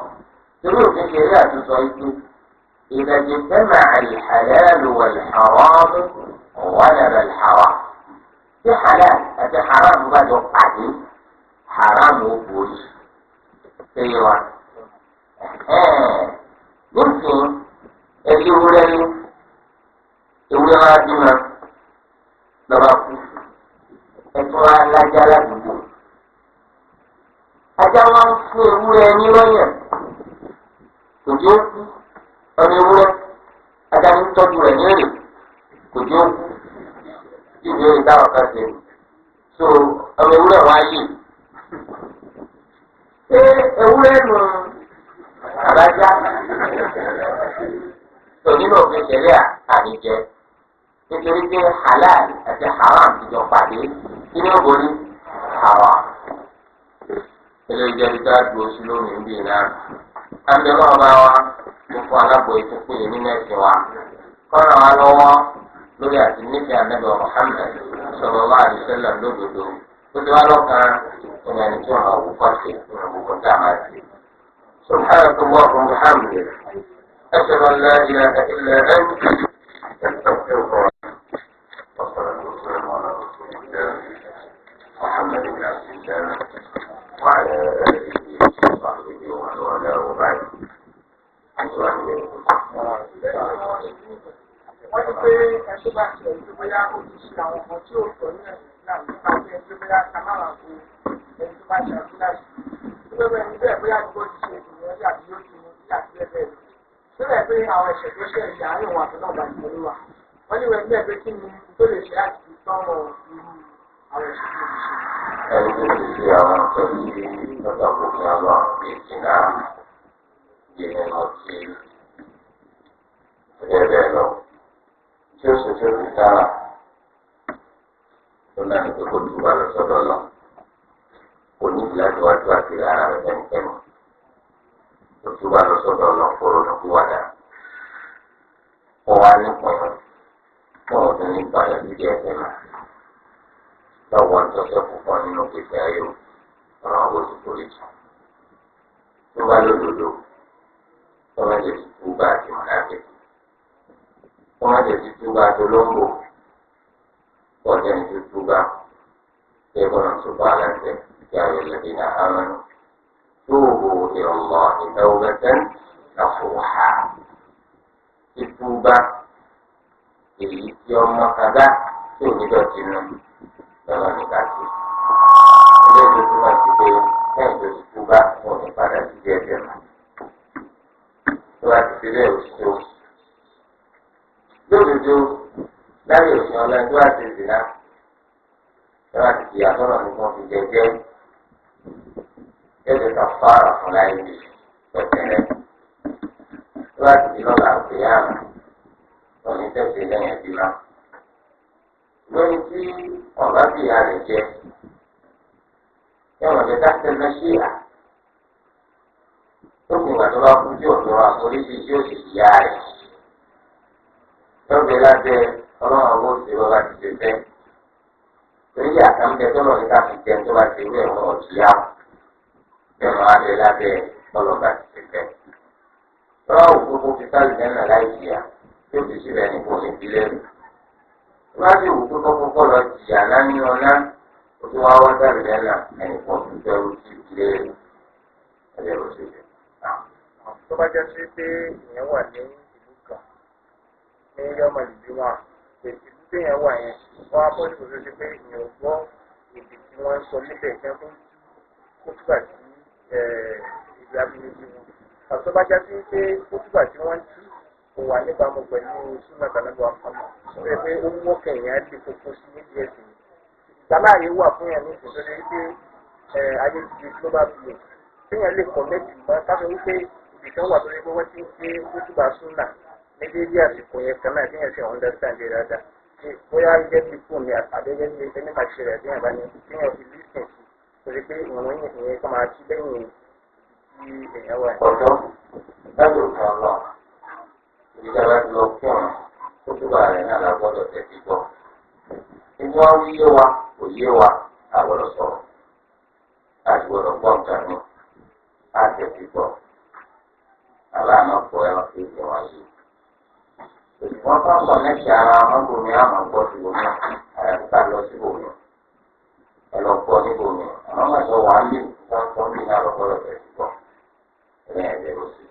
torí òfin ṣe eré àtúnṣọ ikú ìdàgbẹ́sẹ̀ màá ìhàlẹ́ àlùwẹ̀ ìhàrọ́ọ̀mù ọ̀wọ́dàbẹ̀ ìhàrọ́ọ̀mù tí halal àti haram bá jọ pàdé haram ó borí péye wa. nísìnyí ẹ̀rí ewúrẹ́ ní ewúrẹ́ wa bímọ lọ́ba kú ẹ̀tọ́ alájà ládùúgbò. ajá wa ń fún ewúrẹ́ ní lọ́yẹ̀ kò jẹ́ ó kú ọmọ ajá ń tọ́jú rẹ̀ ní èrè kò jẹ́ ó lórí táwọn kan ṣe so ọmọ ewúrẹ́ wọn yìí yè ṣé ewúrẹ́ nù àbájá tò nínú òfin ṣẹlẹ̀ àníjẹ nítorí pé halal àti haram ti jọ pàdé kí ni ó haram eléyìí jẹ́ dídá sí lónìí bíi náà àbẹ̀wò ọba wa gbogbo alábòye tó péye nínú ẹ̀sìn wa kọ́ra wa lọ́wọ́. lórí àti nífẹ̀ẹ́ anábẹ́ Muhammad sallallahu alaihi wasallam lódodo ó ti wá lọ́kàn ẹni ẹni tí wọn àwò kọ́sì ní àwòkọ́ tá a máa ti. سبحانك اللهم وبحمدك أشهد أن لا إله إلا أنت أستغفرك والصلاة والسلام على رسول الله محمد بن عبد الله وعلى آله wọ́n ní pé ẹ̀sùn bá ti ẹ̀sùn bóyá ó ti ṣe àwọn ọmọ tí ó tọ̀ ní ẹ̀sùn náà nípa pé ẹ̀sùn bóyá ká má wà fún ẹ̀sùn bá ṣe àfúláṣì. Gbogbo ẹni bẹ́ẹ̀ bóyá gbogbo ti ṣe ìgbìyànjú àti yóò ti mú sí àti bẹ́ẹ̀ bẹ́ẹ̀ lọ. Síbẹ̀ pé àwọn ẹ̀ṣẹ̀ tó ṣẹ̀ ìyá àárín òun àti náà bá ti wọlé wa. Wọ́n ní wẹ́n bẹ́ẹ̀ pé kí ni tí ó sì tí ó sì dára tó náà ní kókó tó wà lọ́sọ̀dọ̀ lọ kò ní ìlàjọ wájú àti ara rẹ̀ bẹ́ẹ̀nìkẹ́ni kò tó wà lọ́sọ̀dọ̀ lọ kóró ló kú wàdà kó wá ní pọ̀yọ́ kó wọ́n tún ní ìpàdé dídí ẹsẹ̀ mọ́ lọ́wọ́ ń tọ́sẹ̀ púpọ̀ nínú pèsè ayò ọ̀rọ̀ àwọn olùkórè jù tó bá lòdòdò tó bá lè tú bá àti mọ̀nà àgbẹ̀kù wọ́n á jẹ́ tuntun bá dolóńgbò ọjọ́ ní tuntun bá ṣẹ́gun àtúbọ̀ aláǹtẹ̀ ìjà ìrẹ̀lẹ́bí náà ámánú tóògùn òde ọ̀lọ́ ìdáwọ́gbẹ́tẹ́ àfọwọ́há tuntun bá èyí tí ọmọ kàdá tí ò ní dọ̀tí nù lọ́wọ́ ní kàtí. ilé ìlú tó bá ti dé lẹ́yìn tó tuntun bá wọn ní padà sí bí mọ́. tó bá ti fi lé òṣìṣẹ́ òṣìṣẹ́ lódodo láyé òfin ọlá tó àti ìdìnnà ẹ wá ti di àtọ́nà ní fi jẹjẹ ẹgbẹ́ kan fara fún láyé bí pẹ̀tẹ́rẹ́ ẹ wá ti di òkè yára wọn ní tẹ̀sí lẹ́yìn ẹbí náà tí ọ̀gá bí ìyá rẹ̀ jẹ ẹ wọ̀n jẹ mẹ́ṣíà tó kùn ìgbà tó bá kú tí òfin wa sórí bí yóò ṣe ìyá rẹ̀. bẹ torí yà kàn bẹ tó lọ́ọ́ nípa fi jẹ tó bá ti wé ẹ̀rọ ọ̀jìyà bẹ̀rù abẹ lábẹ́ ọlọ́ba ti ti bẹ. lọ́wọ́ òkúkú ti sáré lẹ́nà láì jìyà tó ti sí bẹ́ẹ̀ nìkan ní ìbílẹ̀ rẹ̀. tó bá sì òkú tó kọ́kọ́ lọ jìyà lánìí ọ̀nà ó ti wá wá sáré lẹ́nà ẹnìkan ti bẹ̀rù sí ìbílẹ̀ rẹ̀ ẹ̀rọ ti bẹ̀. tó bá jẹ́ sí pé ìyẹn wà ní ìlú kan ní yọ́mọ̀ ìbí wà pé téèyàn wà yẹn wọ́n á bọ́ọ̀lù kò tó ṣe pé èèyàn ò èdè tí wọ́n ń sọ níbẹ̀ kí wọ́n kó túbà sí ìgbà abínibí wọn àtọ́ bá já sí pé kó tí wọ́n ń tú kò wà níbàámu pẹ̀lú súnà tàbí àpamọ́ sọ pé ó ń wọ́kẹ̀ èèyàn kókó sí méjì ẹ̀sìn gbàláàyè wà fún yàn ní ìṣòro pé ayé ti di global village téèyàn lè kọ́ mẹ́tì mọ́ káfíń wípé ìdìkan wà tó ní pé wọ́n ti ń ti bóyá jẹ́ ti fún mi àtàbí jẹ́ ti ṣe nípa ṣe rẹ̀ bí àbá ti kéèyàn ti lè sìn sí torí pé ìwọ̀n yìí ìyẹn kan máa ti lẹ́yìn tí èèyàn wà. ọ̀dọ́ láti òkè ọ̀nà ìdílé wa lọ kí ọ̀nà tó túbọ̀ rẹ̀ náà tẹ̀sí gbọ́. wa kò yé wọ́n kọ́ kọ̀nẹ́tì ara wọn àmọ́ gbọ́ sí bomi àyàtúkà lọ sí bomi ẹ lọ gbọ́ ní bomi àmọ́ mọ̀tò wà á lé wọ́n kọ́ bí náà lọ́kọ́ lọ sí gbọ́ ẹ ẹ bẹ̀rẹ̀ sí i.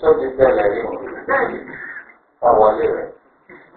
Sọ́jú bẹ́ẹ̀ lẹ́yìn, wọ́n wọlé rẹ̀.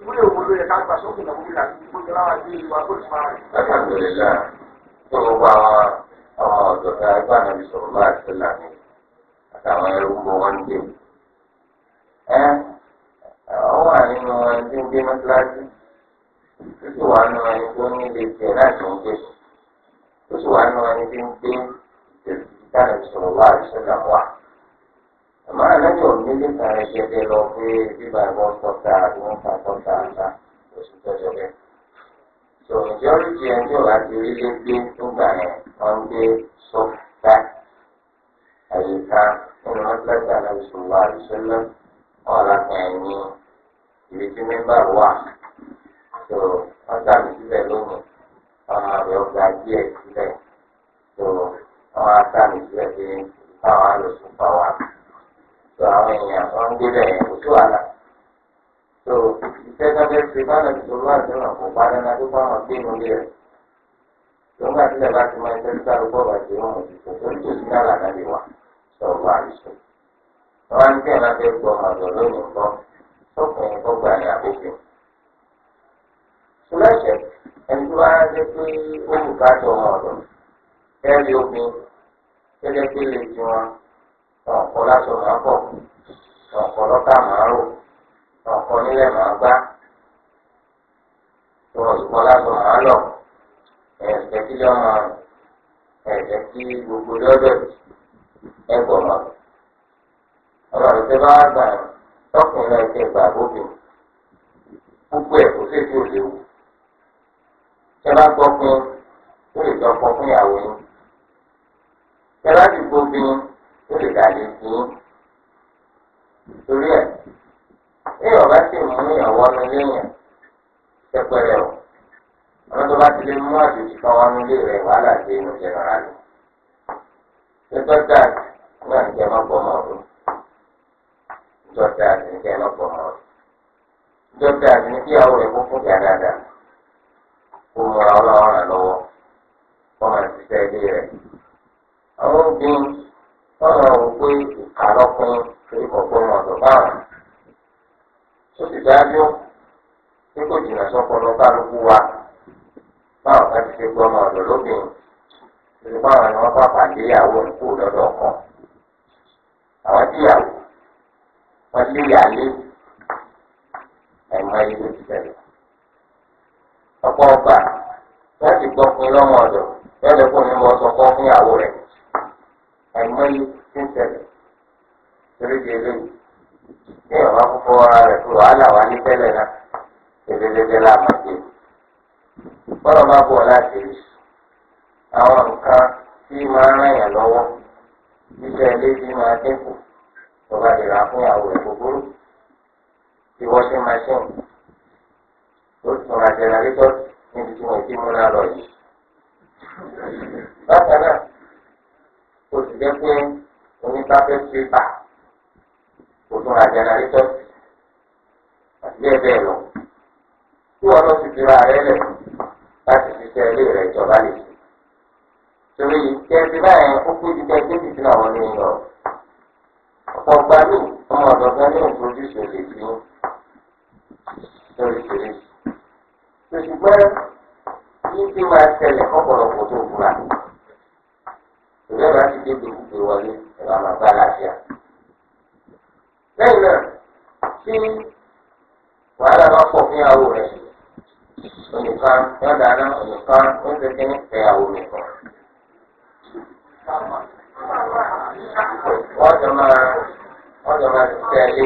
ìwúlẹ̀ òwò ló yẹ ká gbà sókè náà wíwà ní gbogbo láwa dé ìwà tó ti máa rìn. alhamdulilá tó bá àwọn ọ̀dọ́ tá a gbà náà fi sọ̀rọ̀ bá àti sẹ́là ni àtàwọn ẹrú mọ wọn dé. ẹ ọ wà nínú ẹni tí ń gbé mọ́tíláṣí ó sì wà nínú ẹni tó ní ilé tiẹ̀ láti ń gbé ó sì wà nínú ẹni tí ń gbé ìtẹ̀síkà náà fi àmọ́ àlejò nílé kan ẹ̀ṣẹ̀dẹ̀ lọ pé bíbá ìwọ́n sọ́ta àti wọ́n fà sọ́ta àgbà oṣù tọ́jọ́ bẹ́ẹ̀. tó ìjọ́rìjì ẹni ò láti rí lé gbé tó gbà yẹn wọ́n ń gbé sọ́ta àyíká nínú mọ́tíláṣí àlàbìsọ̀lá àdìsọ́lá wọn lápẹ̀ ní ibi tí mẹ́mbà wà tó wọ́n sàmì síbẹ̀ lónìí ọmọ rẹ̀ ọgbà díẹ̀ síbẹ̀ tó wọ́n sàmì síbẹ̀ pé táwọn àlòsùn bá wà. àwọn èèyàn tó ń gbé bẹ́ẹ̀ so àlà tó iṣẹ́ tó fẹ́ ṣe báyọ̀ tó lọ́wọ́ àdéhùn kò parẹ́ náà tó bá wọn gbé inú ilé rẹ̀ tó ń bá tilẹ̀ bá ti wọn láti ọ̀gá pọ̀ wọn kọ́ màárò wọn nílẹ̀ màá gbá wọn láti màá lọ ẹ̀ẹ́dẹ́ kí lọ́mọ ẹ̀ẹ́dẹ́ kí gbogbo lọ́dọ̀ ẹ̀gbọ̀n mọ́ ọlọ́run tẹ́ bá gbà tọkùnrin ẹ̀kẹ́ gbà gbóbi gbogbo ẹ̀ kò sí èdè òléwu tẹ́ bá gbọ́ pé ó lè jọ pọ̀ fún ìyàwó yín tẹ́ bá ti gbóbi ó lè dàdé sí torí ẹ̀ bí ọba sì mú ìyàwó ọnu léèyàn tẹpẹrẹ o ọ̀nà tó bá ti lè mú àjòjì kan wá nílé rẹ̀ wàhálà dé inú jẹnara rẹ̀ nígbà náà ń jẹ mọ́pọ̀ mọ́ ọdún nígbà dáàdì ń jẹ mọ́pọ̀ mọ́ ọdún nígbà dáàdì ní kíyàwó rẹ̀ kó fún dáadáa kó múra ọlọ́run lọ́wọ́ kó máa ti sẹ́ ilé rẹ̀ àwọn obìnrin tọ́nà wò pé ìkàlọ́pin torí kọ̀ọ̀kan ọ̀dọ̀ báwọn tó sì dájú pé kò jìnnà sọ́kọlọ kálukú wa báwọn kan ti ṣe gbọ́ ọmọ ọ̀dọ̀ lóbìnrin torí báwọn ni wọ́n bá pàdé ìyàwó òǹkú lọ́dọ̀ kan àwọn díyàwó wọ́n lé yàlé ẹ̀mọ́ ilé ti tẹ̀lé ọ̀pọ̀ ọgbà láti gbọ́ pin lọ́mọ ọ̀dọ̀ lọ́dọ̀ kó ní mo sọ fún ìyàwó rẹ̀ àìmọye ti ń tẹ̀lé torí di eléyìí ní ọ̀rọ̀ àkọ́kọ́ ara rẹ̀ pé wàhálà wà ní tẹ́lẹ̀ náà ìdẹ́dẹ́dẹ́ láàmàdé bọ́lá bá bọ̀ láti rí àwọn nǹkan tí máa ràn yàn lọ́wọ́ iṣẹ́ ilé tí máa dínkù ọba ìlà fún ìyàwó rẹ̀ gbogbo ti washing machine ó tún ra generator níbi tí wọ́n ti múná lọ yìí. bákan náà o sì jẹ́ pé onígbàfẹ́ pépà kò tún ra jẹnẹrétọ̀ àti bẹ́ẹ̀ bẹ́ẹ̀ lọ tí wọn lọ sì fi ra rẹ lẹ̀ láti ṣiṣẹ́ ilé rẹ̀ ìjọba lè ṣe torí kẹ́sì báyẹn ó pé ju kẹ́sì ti fi àwọn ní lọ ọ̀pọ̀ ọgbà ní ọmọ ọ̀dọ́gbọ́n ní ìfojúsùn lè fi lórí ìṣèlérí ṣùgbọ́n yín ti máa ṣẹlẹ̀ kọ́kọ́rọ́ kò tó fura ìjọba ti dé gbèkúgbè wọlé ẹ̀rọ àmàgbà làásìá. lẹ́yìn náà tí wàhálà bá pọ̀ fún ìyàwó rẹ̀ onìkan yóò dáná onìkan ó ń ṣe kí ní ìyàwó mi kan. wọ́n jọ máa wọ́n jọ máa tẹ̀ lé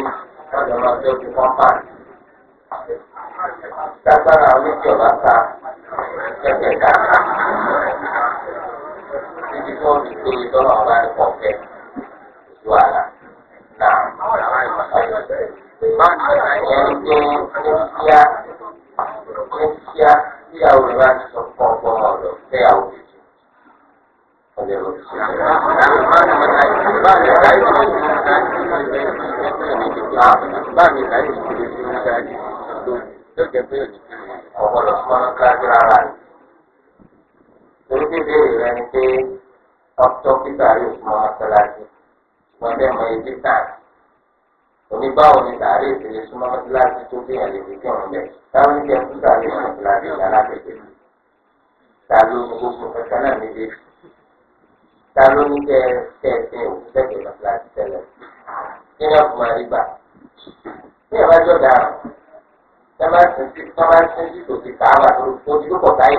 wọ́n jọ máa tẹ̀ kú pọ́npá. dágbára oníjọba ká kẹ̀kẹ́ dáná tí wọ́n fi pé tọ́lọ̀ ọba ní kọ̀ọ̀kẹ́ oṣù àlà. Náà báńkì ìyẹn ní pé ní kíá ní kíá tí àwọn ìwà ti sọ fún ọgbọ́n ọ̀dọ̀ fẹ́ àwọn òbí. Ọ̀dẹ̀ ló ti ṣe. Báńkì ìdáyé ti lè fi báńkì ìdáyé ọ̀pọ̀lọpọ̀ ń kájú ara rẹ̀. Torí bíbélì rẹ̀ ni pé ọtọ kíkà rí òṣùwọ̀n mọ́sálásí wọn bẹ́ẹ̀ mọ ibi tàn òní ni sàárè ìṣẹ̀lẹ̀ súnmọ́ mọ́sálásí tó bí ẹ̀rọ ìdíkẹ́ ọ̀rọ̀ bẹ́ẹ̀ táwọn oníkẹ́ fún sàárè mọ́sálásí alágbègbè tàbí omi gbogbo kankan náà níbi ta ló ní kẹ kẹsẹ òkú sẹkẹ mọ́sálásí tẹ́lẹ̀ kí ni ọkùnrin àrígbà ní ìbájọ́ dàrú ẹ máa sìn sí ẹ máa sìn sí tòsí kàá wà lórí ojú tó kọ̀ táyé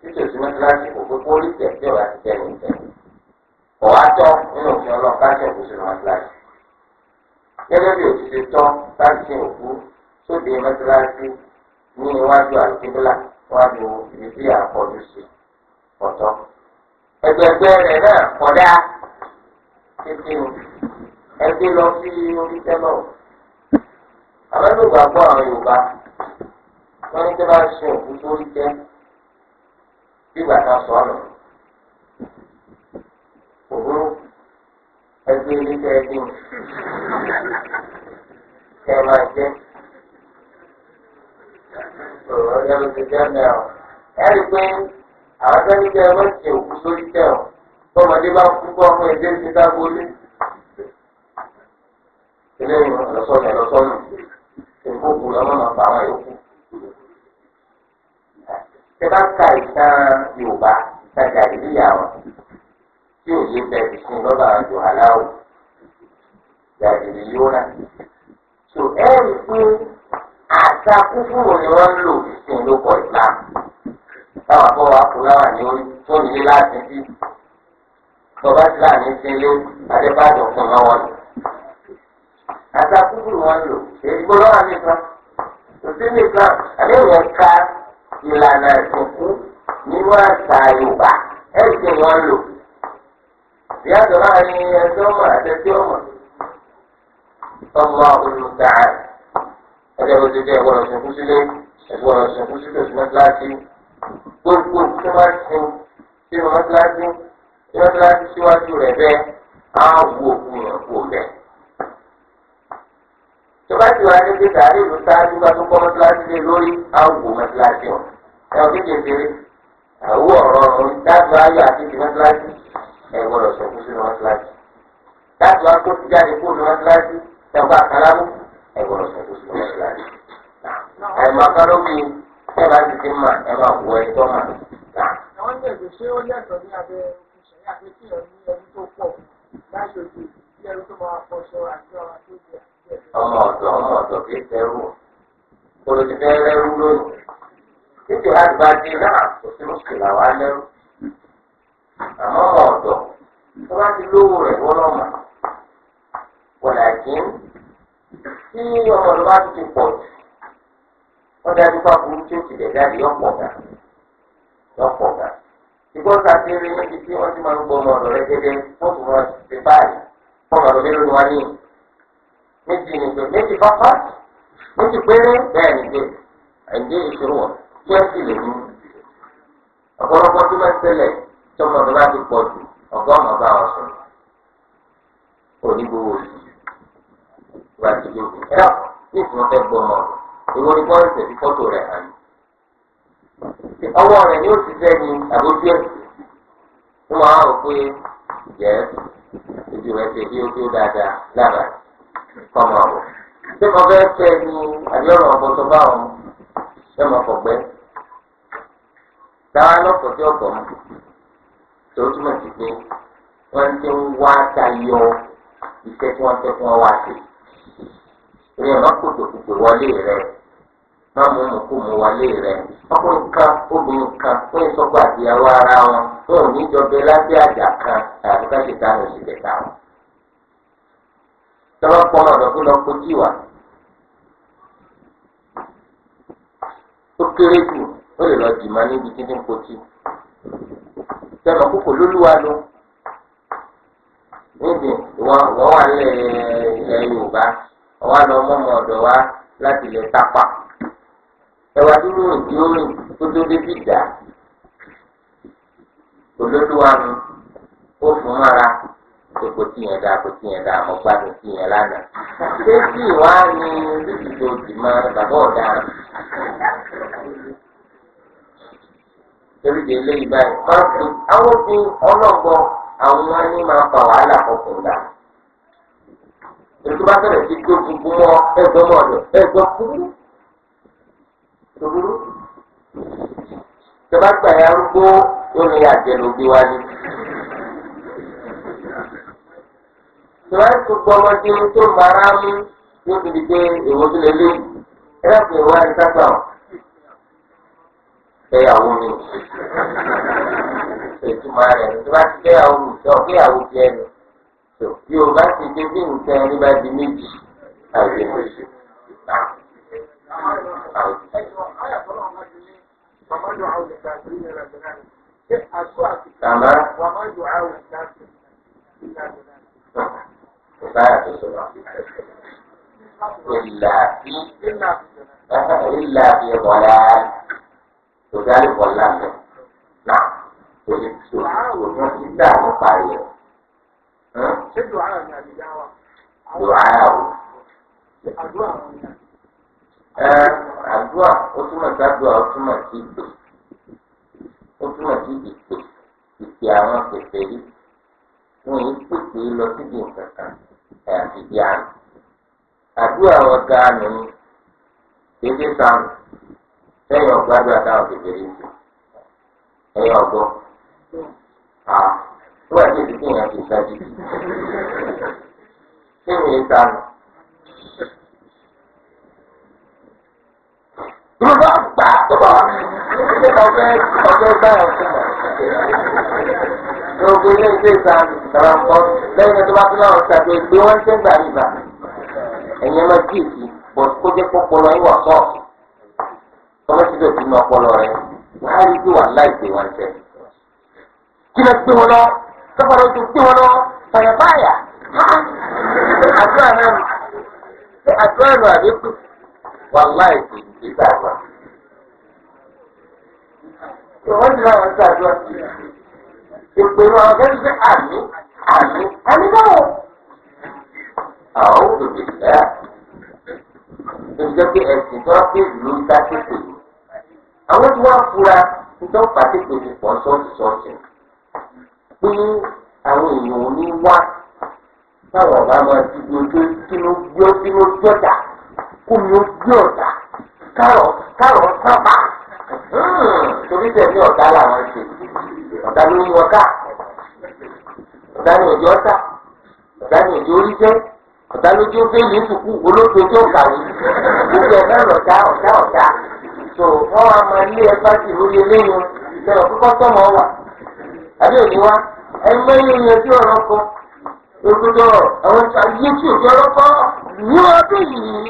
títí òsì mọ́tíláṣí kò pé kó rí tẹ̀ tí ọ̀rá ti tẹ̀ ní tẹ̀. ọ̀wá tọ́ nínú òfin ọlọ́run bá òkú sínú mọ́tíláṣí. gẹ́gẹ́ bí òtún tọ́ bá òkú sóde mọ́tíláṣí ní iwájú àlùkíbílà iwájú ibi tí àkọ́jú sí ọ̀tọ̀. ẹgbẹ̀gbẹ́ rẹ̀ náà kọ̀dá títí ẹgbẹ́ lọ sí orí tẹ́lọ̀. àwọn ẹgbẹ́ gbàgbọ́ àwọn Yorùbá wọ́n ní gbígbà kan sọ ọ nù. Òwúrò ẹgbẹ́ ilé ẹbí mi. ẹ máa jẹ́. Òwúrò ọjọ́ ti jẹ́ mẹ́ ọ. Ẹ rí i pé àwọn tó ní kí ẹ má òkú sórí tẹ̀ ọ́. Tọ́mọdé bá kú kọ́ ọmọ ẹgbẹ́ ti dágbó lé. Ilé ìwòsàn lọ sọ́nà aláwọ̀ jàdìrì yóò rà. so ẹ rí i pé àṣà kúkúrú ভাষায় gbà ó tọ́lọ́ pọ́nlọ́ ọ̀dọ̀ kó lọ kojú wa ó kéré jù ó lè lọ níbi tí ní kojú tẹ̀lọ́ kókò lólúwa ló níbi wọ́n wà lẹ̀ ilẹ̀ Yorùbá wọ́n wà lọ ọ̀dọ̀ wa láti lè epo tí yẹn dáa epo tí yẹn dáa mo gbádùn tí yẹn lánàá ṣé tí ìwá ni bíbí tó ti máa bàbá ọ̀daràn torí de ilé ìgbà yìí máa fi àwọn fi ọlọ́gbọ́ àwọn wọn ní máa fa wàhálà kọkùn gbà ètò bá bẹ̀rẹ̀ sí tó gbogbo mọ́ ẹgbẹ́ mọ́ọ̀dọ̀ ẹgbẹ́ kúrú kúrú tẹ gbà yà arúgbó yóò ní àjẹlógbé wáyé. tòwáì tó gbọ́ ọmọdé tó mara mú yóò fi di pé èwo tó lè léyìí ẹ bá fi ìwà ìtàkà ọ ẹyàwó mi ìtumọ̀ rẹ̀ tó bá ti kẹ́yàwó mi tó kẹ́yàwó bí ẹnu tó yóò bá ti dé bí nǹkan ẹni bá di méjì àgbẹ̀ méjì náà. Tàmá kò sáyà tó sọ̀rọ̀ ìlà bí ìlà bí ìbọ̀lá kò sáyà ìbọ̀lá mẹ́ náà kò ní kò ní kí dá àwọn parí ẹ̀. ṣé dùn àyà ni àbí dáwà? dùn o. àdúrà wọn túmọ̀ sí àdúrà ó túmọ̀ sí ìpè ó túmọ̀ sí ìpè ìpè àwọn pèpè yìí wọn yìí pèpè lọ síbi nǹkan kan àti díàmù àdúrà wọn dáàmù ni dédé sàn sẹ́yìn ọgbà àdúrà táwọn kékeré sí ẹ̀yìn ọgbọ à tó wà ní ìdíje yẹn ti sáájú sẹ́yìn yẹn sàn. Yorùbá gbà tó bọ̀ ọ̀fẹ́ ọ̀fẹ́ báyọ̀ fún ọ. ní oge ilé iṣẹ́ ìsan ìtara ńkọ lẹ́yìn tó bá tún náà ọ̀sẹ̀ àti ègbé wọn ṣe ń gbà nígbà ẹ̀yìn ẹ̀mọ kíyèsí bọ̀ kó jẹ́ pọ́pọlọ yín wà sọ́ọ̀sì tọ́lọ́sí tó ti nu ọpọlọ rẹ wàá rí sí wà láì gbé wọn ìpinnu àwọn fẹ́ẹ́ gbé àmì àmì àmì náà. àwọn òbí ẹ̀ ìjọba ẹ̀sìn tó wá pé ìlú ń dá tètè àwọn tí wọ́n fura ìjọba pàtẹ́kẹ̀ ti pọ̀ sọ́ọ̀tì sọ́ọ̀tì pé àwọn èèyàn ò ní wá táwọn ọba máa ti di ojú sínú gbé sínú jọjà kó mi ó gbé ọ̀dà kárọ̀ kárọ̀ sábà hmm, torí tẹ̀lé ọ̀dà làwọn ṣe. ọ̀gá ló yí ọ̀gá ọ̀gá ni òjò ọ̀tà ọ̀gá ni òjò orí jẹ́ ọ̀gá lójú ó bẹ́ẹ̀ yín sùkú olóòtú gbogbo ẹ̀ náà lọ̀dá ọ̀dá ọ̀dá tó wọ́n wá máa lé lórí eléyìí ìṣẹ̀lẹ̀ kókó àbí òní ọ̀rọ̀ kọ àwọn òjò ọ̀rọ̀ kọ ní yìí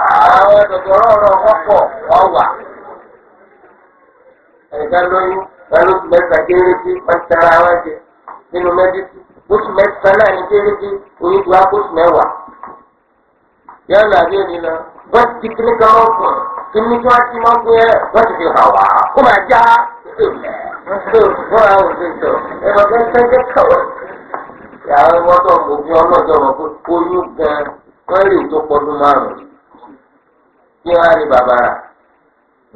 àwọn kòkòrò ọ̀rọ̀ ọ̀pọ̀ ọ̀wà. ẹ̀ka lóyún pẹ̀lú mẹ́ta kéré sí pàṣẹra wọn jẹ nínú mẹ́dísì oṣù mẹ́ta náà kí wọ́n á rí bàbá rà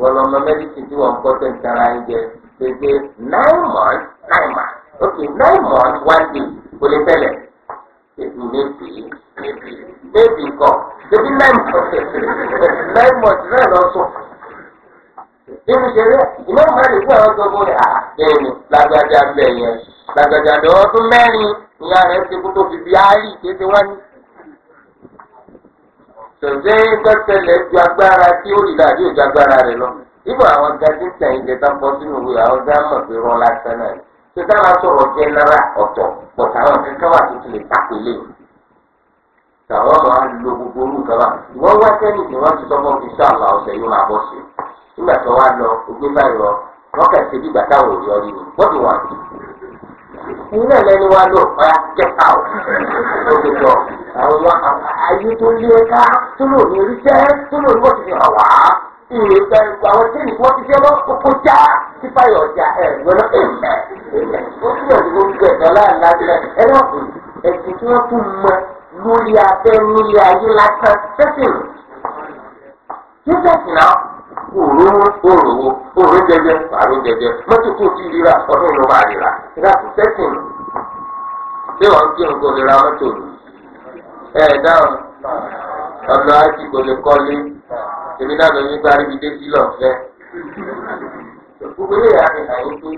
wọ́n lọ mọ mẹ́díkìn tí wọ́n kọ́ tó tara ẹ̀ jẹ gbèsè nine months nine months okay nine months one day kò lè tẹ̀lẹ̀ méjì méjì méjì kan débi nine months nine months náà lọ sùn nínú ìṣeré ìmọ̀ mẹ́rin fún ẹ̀rọ tó bóyá bẹ́ẹ̀ ni lágbájá bẹ́ẹ̀ yẹn lágbájá bẹ́ẹ̀ ọdún mẹ́rin ìyá rẹ̀ ti kú tó fi bí áyì kéde wá ní tòǹdé tọ́tẹ̀lẹ̀ ju agbára tí ó rìlà yóò ju agbára rẹ̀ lọ. ibò àwọn gajì tẹ̀yìn jẹta bọ́ sínú ìwé àwọn gámọ̀ fi rán lásán náà. tòǹdé máa sọ̀rọ̀ jẹ́nẹ́rà ọ̀tọ̀ pọ̀tà àwọn kankan wà tó ti lè tako ilé. tàwọn máa ń lo gbogbo orú nǹkan wa. ìwọ́n wá sẹ́ni tí wọ́n ti sọ́kọ́ fi sọ́ọ̀lá ọ̀sẹ̀ yóò máa bọ́ sí. nígbà tó wá lọ ogbé báyìí lọ wọ́n kẹ̀ ṣe bígbà táwọn ò yọrí ni wọ́n ti wà ní. ilé ẹlẹ́ni wá lò ọ̀yà kẹta àwọn ayé tó lé ká tó lò ní oríṣẹ́ tó lò ní wọ́n ti fi hàn wá ìrètò ẹ̀kọ́ àwọn tí nìkan ti jẹ́ wọ́n kókó já tí báyọ̀ ọjà ẹ̀ gbọ́dọ̀ èèmẹ̀ èèmẹ̀ ó ti yàn nínú gbẹ̀dọ̀ láàlá ẹ̀rọ ẹ̀sìn tí wọ́n tún mọ lórí abẹ́ nílé ayé lásán sẹ́sìn sẹ́sìn náà òró òròwó òró jẹjẹ àrò jẹjẹ mọ́tò tó ti ríra ọdún ló máa ríra ìdá sẹ́sìn ṣé wọ́n kí nǹkan lè ra mọ́tò ni. ẹ dáhùn ọ̀nà àti kò lè kọ́lé èmi náà lóyún ibi dé sí lọ́fẹ́. gbogbo ilé yàrá pé ẹ̀sìn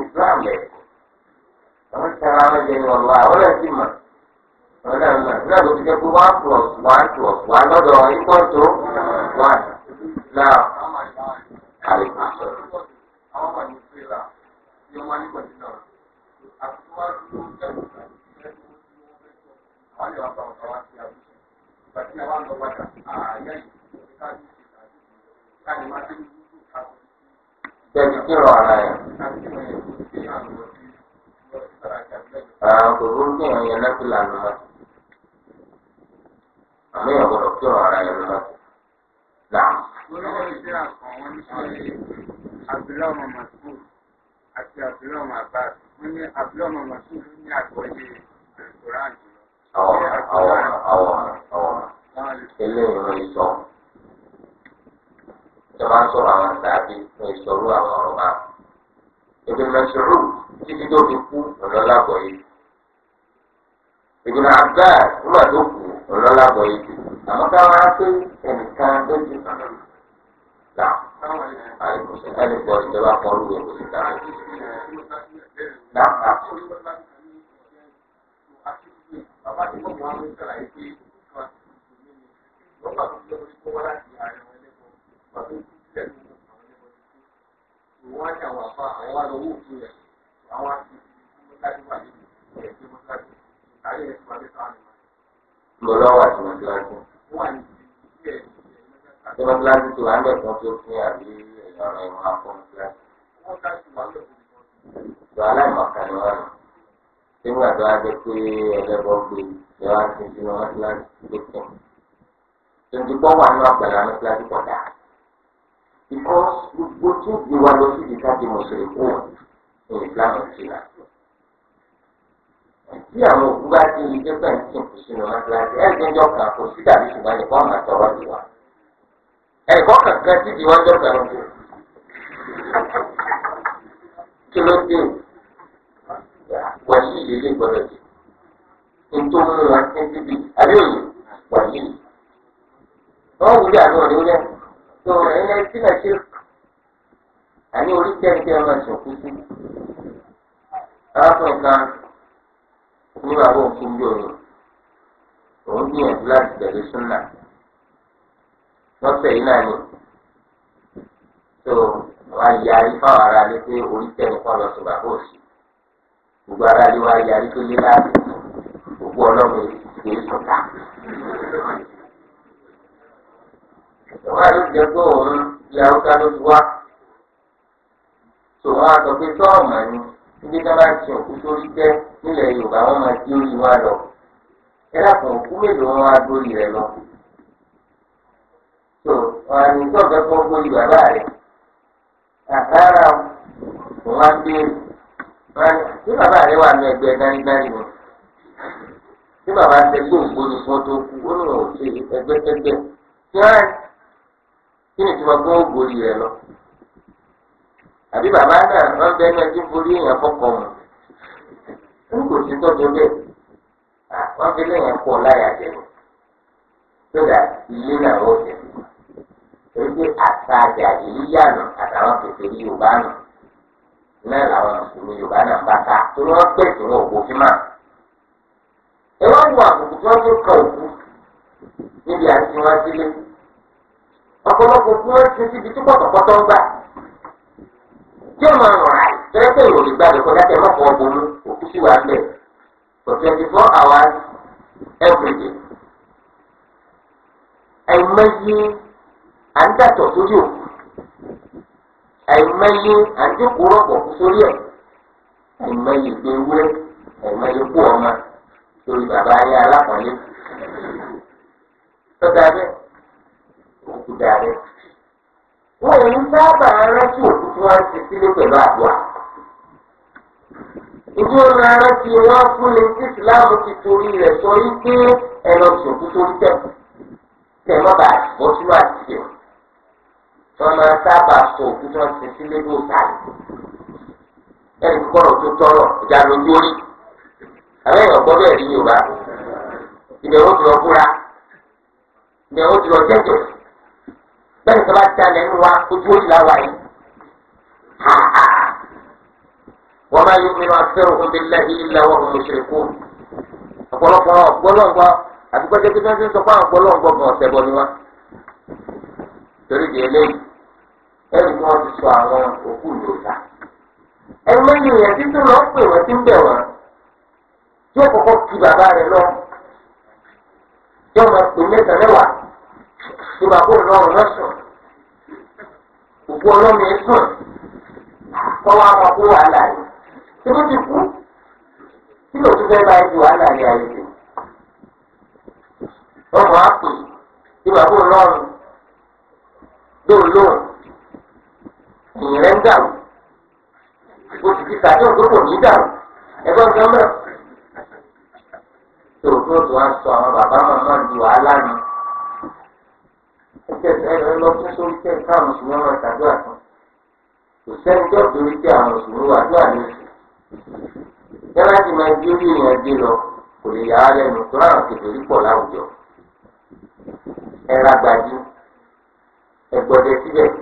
Islam ẹ̀ àwọn sẹ́ra wọn jẹ́ ní ọ̀la àwọn náà sì mọ̀ àwọn náà mọ̀ náà ló ti jẹ́ pé one plus one plus one lọ́dọ̀ equal to one. sọ. àwọn wá ní àti wọ́n á dúró wọ́n lè wá gba ọ̀gá wá sí àdúgbò ìgbà tí wọ́n lọ padà ààyè yìí káàdì káàdì máa dé ní ìlú káàdì. Bẹ́ẹ̀ni kí lọ ara ẹ̀. Àgbòrò ní ìyẹn náà ti lànà mọ́. Àmì ìyàgbọ́dọ̀ kí lọ ara ẹ̀ lọ. Nàá. Olówó ìdí àkàn wọn ní ṣe Abdullahi àwòrán àwòrán àwòrán àwòrán eléyìí ló sọ ìjọba ń sọ̀rọ̀ àwọn sàbí ní ìṣòro àwọn ọ̀rọ̀ wa ebi mẹsùrù títí tó fi kú ọlọlábọ yìí ìgbìmọ̀ àgbà nígbà tó kú ọlọlábọ yìí àmọ́ káwọn á pé ẹnìkan tó ti sàn là àìkúṣe ẹnìkan ìjọba kan ló wẹ̀ kó sì dára bàbá tí mo máa ń sàlàyé pé ìfúnwa ti tuntun mí ni lọ́gbà tó lọ orí kó wá láti ààrẹ wọn lẹ́kọ̀ọ́ bàbá tó kú sílẹ̀ ló mọ̀ àwọn lẹ́kọ̀ọ́ ti kú ìwọ́n á ní àwọn àfa àwọn wá lọ wóòtú rẹ̀ àwọn á ti kú mọ́tàdé wà nínú ẹ̀ pé mọ́tàdé ìtàlẹ́ ẹ̀ fún abẹ́tà àná. lọ́lọ́ wà tí wọ́n ti wá wọ́n wà ní ìdílé ẹ̀ nígbà tó a jẹ pé ẹlẹ́bọ gbé ẹ wá sí sínú mọ́tíláṣí tó kẹ̀. Tòǹtìpọ̀ wà nínú àgbàlá mọ́tíláṣí pọ̀dà. Ìkọ́ gbogbo tí ó gbé wa lọ sí ìdíkà di mùsùlùmí kú ní ìsìlámù ìsìlá. Tí àwọn òkú bá ti ilé pẹ̀ǹtì kù sínú mọ́tíláṣí, ẹ̀ẹ́dẹ́jọ́ kan kò sí dàbí ṣùgbọ́n nìkan máa tọrọ di wa. Ẹ̀kọ́ kankan ti di wájọ́ kan kù. Kí ló dé? wàlí lélẹ̀ gbọ́dọ̀ jẹ ntó mú wọn ní bíbí àbíòye wàlí wọn wúlò àbí wọn lélẹ̀ tó ẹni tí náà ṣe àní orí tẹ́ǹtẹ́ ọmọ ìṣòkú sí arákùnrin kan ní bàbá òkú bí òní òun gbìyànjú láti tẹ̀lé súnà lọ́sẹ̀ yìí náà ni tó wọ́n á yára fáwọn ará lé pé orí tẹ́ǹtẹ́ kan lọ sí bàbá òsì. gbogbo ara lè wá yarí tó lé láti gbogbo ọlọ́run kìí sọ̀tà. wọ́n á pé òun di haúsá ló ti wá tòun á pé sọ́ọ̀mù ni níbi tí wọ́n bá ti òkú sórí tẹ́ nílẹ̀ yorùbá máa di orí lọ òkú mélòó wọn dórí rẹ lọ. tó tí bàbá rẹ wà ní ẹgbẹ́ dánidáni ni tí bàbá ń tẹgbẹ́ ògbóni fún ọdún kú ó lóun ò ṣe ẹgbẹ́kẹ́gbẹ́ tí wọ́n kí ni tí wọ́n gbọ́ ògbóni rẹ lọ àbí bàbá náà wọ́n borí èèyàn kò sí fi láyà náà làwọn mùsùlùmí yorùbá náà bá ta torí wọ́n gbé ìṣòro ògbó fí mà. ẹ wá wo àbùkù tí wọ́n fi kọ òkú níbi àti wọn sílé ọ̀pọ̀lọpọ̀ tí wọ́n ti síbi tí pọ̀tọ̀pọ̀tọ̀ ń gbà tí ó máa rọra ìtọ́jú pé ìròyìn gbàgbé kọjá tẹ mọ́kọ́ ọgbọ̀nú òkú sí wàá bẹ̀ for twenty four hours every day. ẹ̀mọ́yé à ń dàtọ̀ sórí òkú. àìmọye àdínkùrọ̀pọ̀ sórí ẹ̀ àìmọye ìgbéwé àìmọye kú ọmọ lórí bàbá ayé alákọ̀ọ́lé tọ́jà bẹ́ẹ̀ òkú dàrẹ́ wọ́n èyí sábà rántí òkú tí ti sílé pẹ̀lú àdúrà ìdí òun rántí wọn fún lè ti torí rẹ̀ sọ yí pé tó ń tẹ̀ tẹ̀ mọ́ bàá bọ́ sínú tí wọ́n máa sábà sọ òkú tí wọ́n ti sí lédè òtàlì ẹni kọ́rọ̀ tó tọrọ ìjà lójú orí àbẹ́yìn ọ̀gbọ́n bẹ́ẹ̀ rí yorùbá ibẹ̀ ó ti lọ búra ibẹ̀ ó ti lọ jẹ́jẹ́ bẹ́ẹ̀ tó bá dalẹ̀ ń wa ojú orí la wà yìí wọ́n máa yọ mìíràn akẹ́rù ọ̀gbìn lẹ́yìn ilẹ̀ wọn kò ṣe kú ọ̀pọ̀lọpọ̀ ọ̀gbọ́lọ́gbọ́ àti pẹ́ẹ́tẹ́ pé sọ fún ọ̀gbọ́lọ́gbọ́ gan ọ̀sẹ̀ bọ́ ni wọ́n torí di eléyìí ẹni tí ti sọ àwọn òkú ìlòta. ẹgbẹ́ ènìyàn tí tó lọ pè wọ́n ti ń bẹ̀ wọ́n tí ó kọ́kọ́ kí bàbá rẹ̀ lọ tí ọmọ pè mẹ́sàn mẹ́wàá tí bàbá òun sùn òkú kọ́ wa wàhálà yìí tí ti kú tí fẹ́ bá wàhálà yìí ayé ìyìn rẹ̀ ń dàrú o ti ti sàdéhùn tó kò ní dàrú ẹgbẹ́ ọ̀sán tó o àwọn bàbá màmá di wàhálà ni ẹgbẹ́ ẹ̀rọ lọ fún sórí tẹ̀ káwọn kò sẹ́ni tó torí àwọn yálà máa di orí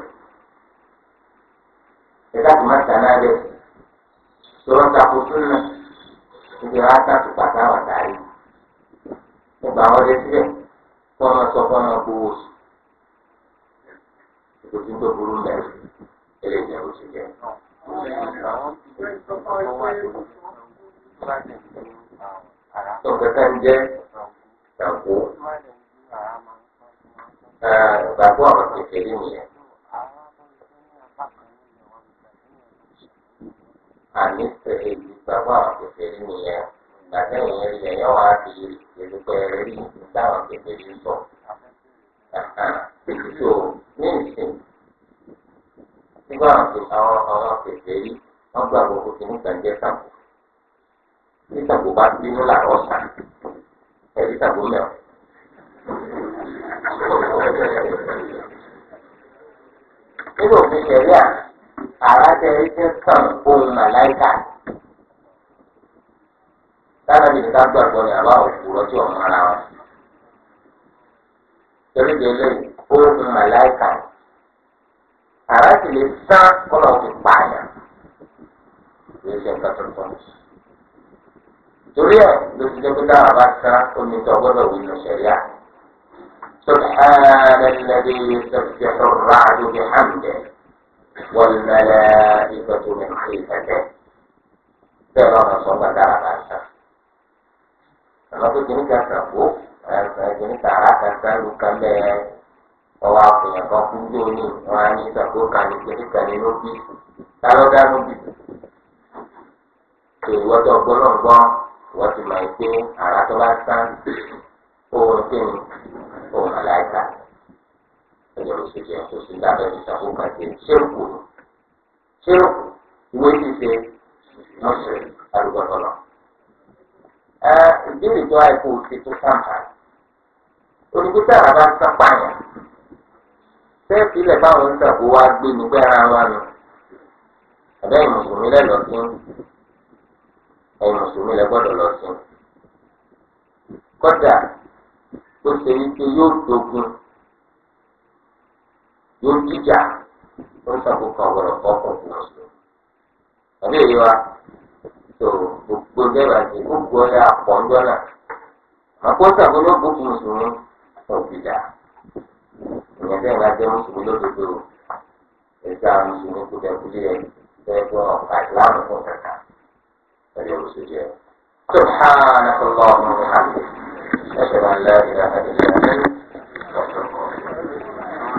lugar